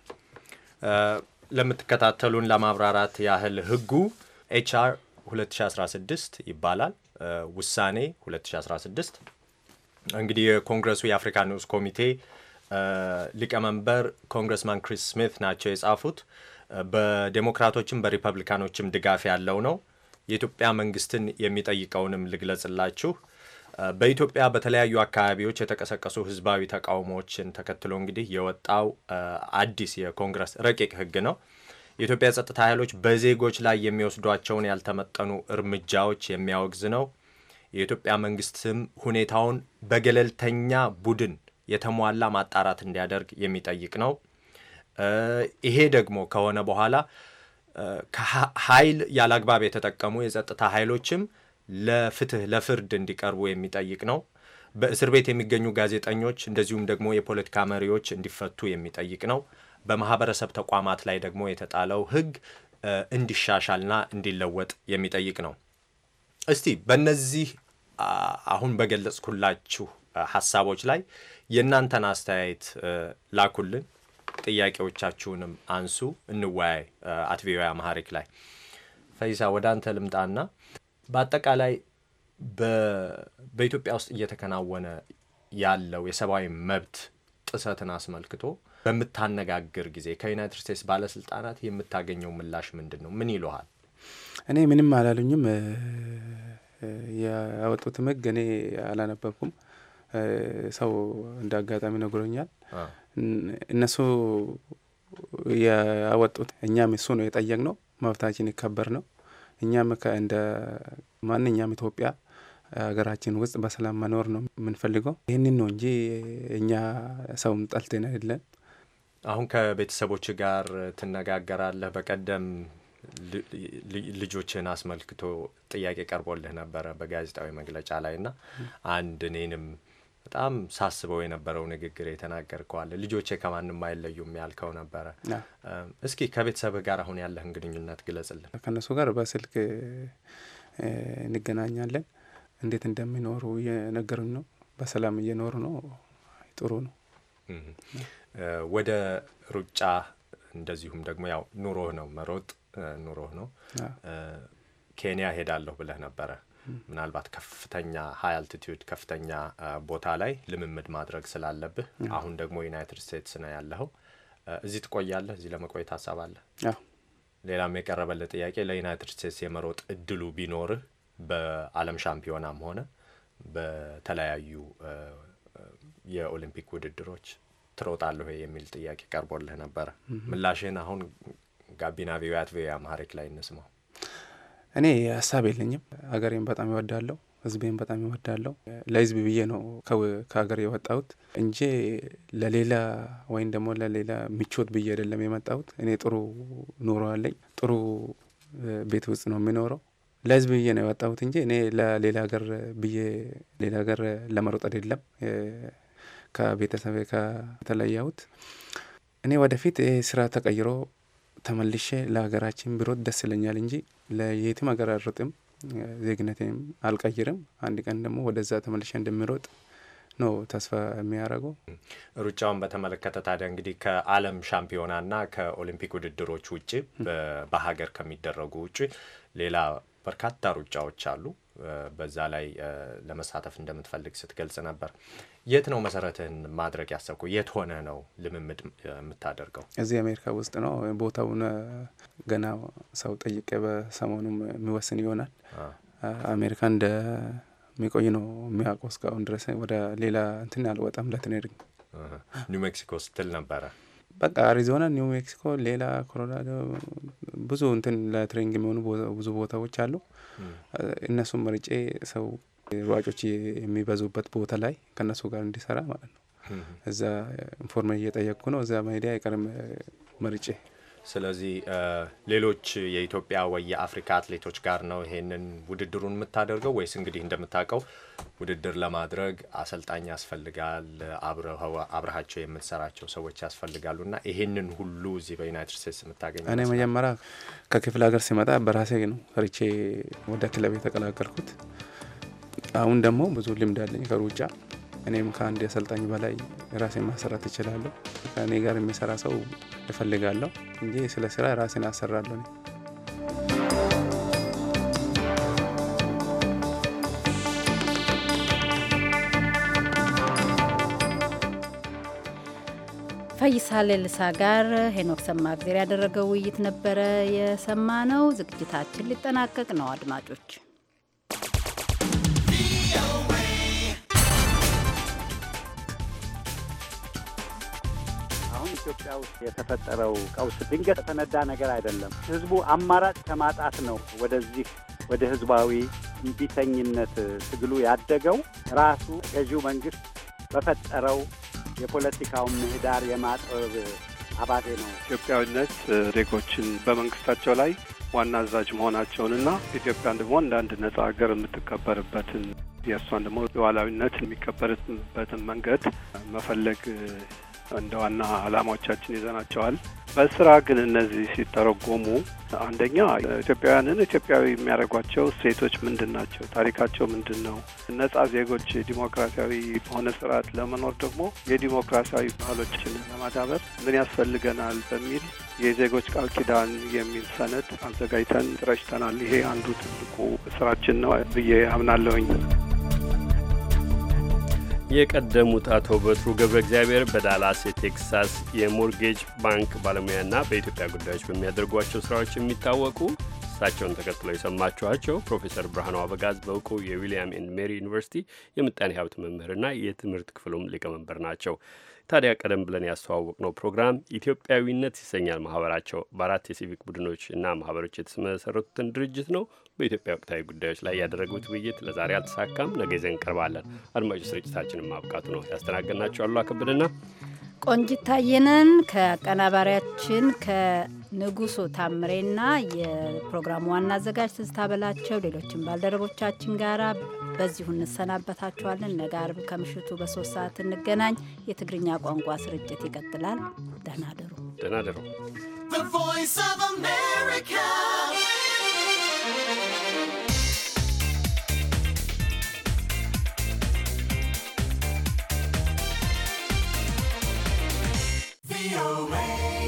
ለምትከታተሉን ለማብራራት ያህል ህጉ ኤችአር 2016 ይባላል። ውሳኔ 2016 እንግዲህ የኮንግረሱ የአፍሪካ ንዑስ ኮሚቴ ሊቀመንበር ኮንግረስማን ክሪስ ስሚት ናቸው የጻፉት። በዴሞክራቶችም በሪፐብሊካኖችም ድጋፍ ያለው ነው። የኢትዮጵያ መንግስትን የሚጠይቀውንም ልግለጽላችሁ። በኢትዮጵያ በተለያዩ አካባቢዎች የተቀሰቀሱ ህዝባዊ ተቃውሞዎችን ተከትሎ እንግዲህ የወጣው አዲስ የኮንግረስ ረቂቅ ህግ ነው። የኢትዮጵያ ጸጥታ ኃይሎች በዜጎች ላይ የሚወስዷቸውን ያልተመጠኑ እርምጃዎች የሚያወግዝ ነው። የኢትዮጵያ መንግስትም ሁኔታውን በገለልተኛ ቡድን የተሟላ ማጣራት እንዲያደርግ የሚጠይቅ ነው። ይሄ ደግሞ ከሆነ በኋላ ከኃይል ያላግባብ የተጠቀሙ የጸጥታ ኃይሎችም ለፍትህ ለፍርድ እንዲቀርቡ የሚጠይቅ ነው። በእስር ቤት የሚገኙ ጋዜጠኞች እንደዚሁም ደግሞ የፖለቲካ መሪዎች እንዲፈቱ የሚጠይቅ ነው። በማህበረሰብ ተቋማት ላይ ደግሞ የተጣለው እንዲሻሻል እንዲሻሻልና እንዲለወጥ የሚጠይቅ ነው። እስቲ በእነዚህ አሁን በገለጽኩላችሁ ሀሳቦች ላይ የእናንተን አስተያየት ላኩልን። ጥያቄዎቻችሁንም አንሱ፣ እንወያይ። አት ቪኦኤ አማሪክ ላይ ፈይሳ ወደ አንተ ልምጣና በአጠቃላይ በኢትዮጵያ ውስጥ እየተከናወነ ያለው የሰብአዊ መብት ጥሰትን አስመልክቶ በምታነጋግር ጊዜ ከዩናይትድ ስቴትስ ባለስልጣናት የምታገኘው ምላሽ ምንድን ነው? ምን ይለሃል? እኔ ምንም አላሉኝም። ያወጡትም ህግ እኔ አላነበብኩም። ሰው እንደ አጋጣሚ ነግሮኛል። እነሱ ያወጡት እኛም እሱ ነው የጠየቅ ነው መብታችን ይከበር ነው። እኛም እንደ ማንኛውም ኢትዮጵያ ሀገራችን ውስጥ በሰላም መኖር ነው የምንፈልገው። ይህንን ነው እንጂ እኛ ሰውም ጠልተን አይደለም። አሁን ከቤተሰቦች ጋር ትነጋገራለህ። በቀደም ልጆችን አስመልክቶ ጥያቄ ቀርቦልህ ነበረ በጋዜጣዊ መግለጫ ላይ እና አንድ እኔንም በጣም ሳስበው የነበረው ንግግር የተናገርከው አለ። ልጆቼ ከማንም አይለዩም ያልከው ነበረ። እስኪ ከቤተሰብህ ጋር አሁን ያለህን ግንኙነት ግለጽልን። ከእነሱ ጋር በስልክ እንገናኛለን። እንዴት እንደሚኖሩ እየነገሩን ነው። በሰላም እየኖሩ ነው። ጥሩ ነው። ወደ ሩጫ እንደዚሁም ደግሞ ያው ኑሮህ ነው መሮጥ ኑሮህ ነው። ኬንያ ሄዳለሁ ብለህ ነበረ ምናልባት ከፍተኛ ሀይ አልቲቲዩድ ከፍተኛ ቦታ ላይ ልምምድ ማድረግ ስላለብህ አሁን ደግሞ ዩናይትድ ስቴትስ ነው ያለኸው። እዚህ ትቆያለህ? እዚህ ለመቆየት ሀሳብ አለ? ሌላም የቀረበልህ ጥያቄ ለዩናይትድ ስቴትስ የመሮጥ እድሉ ቢኖርህ በዓለም ሻምፒዮናም ሆነ በተለያዩ የኦሊምፒክ ውድድሮች ትሮጣለሁ የሚል ጥያቄ ቀርቦልህ ነበረ። ምላሽህን አሁን ጋቢና ቪኦኤ አት ቪኦኤ አማሪክ ላይ እንስማው። እኔ ሀሳብ የለኝም። ሀገሬን በጣም ይወዳለሁ፣ ህዝቤን በጣም ይወዳለሁ። ለህዝብ ብዬ ነው ከሀገር የወጣሁት እንጂ ለሌላ ወይም ደግሞ ለሌላ ምቾት ብዬ አይደለም የመጣሁት። እኔ ጥሩ ኑሮ አለኝ፣ ጥሩ ቤት ውስጥ ነው የሚኖረው። ለህዝብ ብዬ ነው የወጣሁት እንጂ እኔ ለሌላ ሀገር ብዬ ሌላ ሀገር ለመሮጥ አይደለም ከቤተሰብ ከተለያሁት። እኔ ወደፊት ይህ ስራ ተቀይሮ ተመልሼ ለሀገራችን ብሮት ደስ ይለኛል እንጂ ለየትም ሀገር አልሮጥም። ዜግነቴም አልቀይርም። አንድ ቀን ደግሞ ወደዛ ተመልሼ እንደሚሮጥ ነው ተስፋ የሚያደርገው። ሩጫውን በተመለከተ ታዲያ እንግዲህ ከዓለም ሻምፒዮናና ከኦሊምፒክ ውድድሮች ውጭ በሀገር ከሚደረጉ ውጭ ሌላ በርካታ ሩጫዎች አሉ። በዛ ላይ ለመሳተፍ እንደምትፈልግ ስትገልጽ ነበር። የት ነው መሰረትህን ማድረግ ያሰብኩ? የት ሆነ ነው ልምምድ የምታደርገው? እዚህ አሜሪካ ውስጥ ነው። ቦታውን ገና ሰው ጠይቄ በሰሞኑም የሚወስን ይሆናል። አሜሪካ ሚቆይ ነው የሚያውቀው። እስካሁን ድረስ ወደ ሌላ እንትን አልወጣም። ለትሬኒንግ ኒው ሜክሲኮ ስትል ነበረ። በቃ አሪዞና፣ ኒው ሜክሲኮ፣ ሌላ ኮሎራዶ፣ ብዙ እንትን ለትሬኒንግ የሚሆኑ ብዙ ቦታዎች አሉ። እነሱም መርጬ ሰው ሯጮች የሚበዙበት ቦታ ላይ ከነሱ ጋር እንዲሰራ ማለት ነው። እዛ ኢንፎርሜሽን እየጠየቅኩ ነው። እዛ መሄዴ አይቀርም መርጬ። ስለዚህ ሌሎች የኢትዮጵያ ወይ የአፍሪካ አትሌቶች ጋር ነው ይሄንን ውድድሩን የምታደርገው ወይስ? እንግዲህ እንደምታውቀው ውድድር ለማድረግ አሰልጣኝ ያስፈልጋል፣ አብረሃቸው የምትሰራቸው ሰዎች ያስፈልጋሉ። እና ይሄንን ሁሉ እዚህ በዩናይትድ ስቴትስ የምታገኝ እኔ መጀመሪያ ከክፍለ ሀገር ሲመጣ በራሴ ነው ሪቼ ወደ ክለብ የተቀላቀልኩት። አሁን ደግሞ ብዙ ልምድ አለኝ ከሩጫ። እኔም ከአንድ አሰልጣኝ በላይ ራሴን ማሰራት ይችላለሁ ከእኔ ጋር የሚሰራ ሰው እፈልጋለሁ እንጂ ስለ ስራ ራሴን አሰራለሁ። ፈይሳ ሌልሳ ጋር ሄኖክ ሰማእግዜር ያደረገው ውይይት ነበረ የሰማ ነው። ዝግጅታችን ሊጠናቀቅ ነው አድማጮች። ኢትዮጵያ ውስጥ የተፈጠረው ቀውስ ድንገት የተነዳ ነገር አይደለም። ህዝቡ አማራጭ ከማጣት ነው ወደዚህ ወደ ህዝባዊ እምቢተኝነት ትግሉ ያደገው ራሱ ገዢው መንግስት በፈጠረው የፖለቲካውን ምህዳር የማጥበብ አባቴ ነው። ኢትዮጵያዊነት ዜጎችን በመንግስታቸው ላይ ዋና አዛዥ መሆናቸውንና ኢትዮጵያን ደግሞ እንደ አንድ ነጻ ሀገር የምትከበርበትን የእሷን ደግሞ የዋላዊነት የሚከበርበትን መንገድ መፈለግ እንደ ዋና ዓላማዎቻችን ይዘናቸዋል። በስራ ግን እነዚህ ሲተረጎሙ አንደኛ ኢትዮጵያውያንን ኢትዮጵያዊ የሚያደርጓቸው ሴቶች ምንድን ናቸው? ታሪካቸው ምንድን ነው? ነጻ ዜጎች ዲሞክራሲያዊ በሆነ ስርዓት ለመኖር ደግሞ የዲሞክራሲያዊ ባህሎችን ለማዳበር ምን ያስፈልገናል? በሚል የዜጎች ቃል ኪዳን የሚል ሰነድ አዘጋጅተን ረጭተናል። ይሄ አንዱ ትልቁ ስራችን ነው ብዬ አምናለሁኝ። የቀደሙት አቶ በትሩ ገብረ እግዚአብሔር በዳላስ የቴክሳስ የሞርጌጅ ባንክ ባለሙያና በኢትዮጵያ ጉዳዮች በሚያደርጓቸው ስራዎች የሚታወቁ እሳቸውን ተከትለው የሰማችኋቸው ፕሮፌሰር ብርሃኑ አበጋዝ በእውቁ የዊልያም ኤንድ ሜሪ ዩኒቨርሲቲ የምጣኔ ሀብት መምህርና የትምህርት ክፍሉም ሊቀመንበር ናቸው። ታዲያ ቀደም ብለን ያስተዋወቅነው ፕሮግራም ኢትዮጵያዊነት ይሰኛል። ማህበራቸው በአራት የሲቪክ ቡድኖች እና ማህበሮች የተመሰረቱትን ድርጅት ነው። በኢትዮጵያ ወቅታዊ ጉዳዮች ላይ ያደረጉት ውይይት ለዛሬ አልተሳካም። ነገ ይዘን እንቀርባለን። አድማጮች ስርጭታችንን ማብቃቱ ነው። ያስተናገድናቸው አሉ አክብድና ቆንጂት ታየነን ከአቀናባሪያችን ከንጉሱ ታምሬና የፕሮግራሙ ዋና አዘጋጅ ትዝታ በላቸው ሌሎችን ባልደረቦቻችን ጋር በዚሁ እንሰናበታችኋለን። ነገ አርብ ከምሽቱ በሶስት ሰዓት እንገናኝ። የትግርኛ ቋንቋ ስርጭት ይቀጥላል። ደህና ደሩ። ደህና ደሩ። VOA.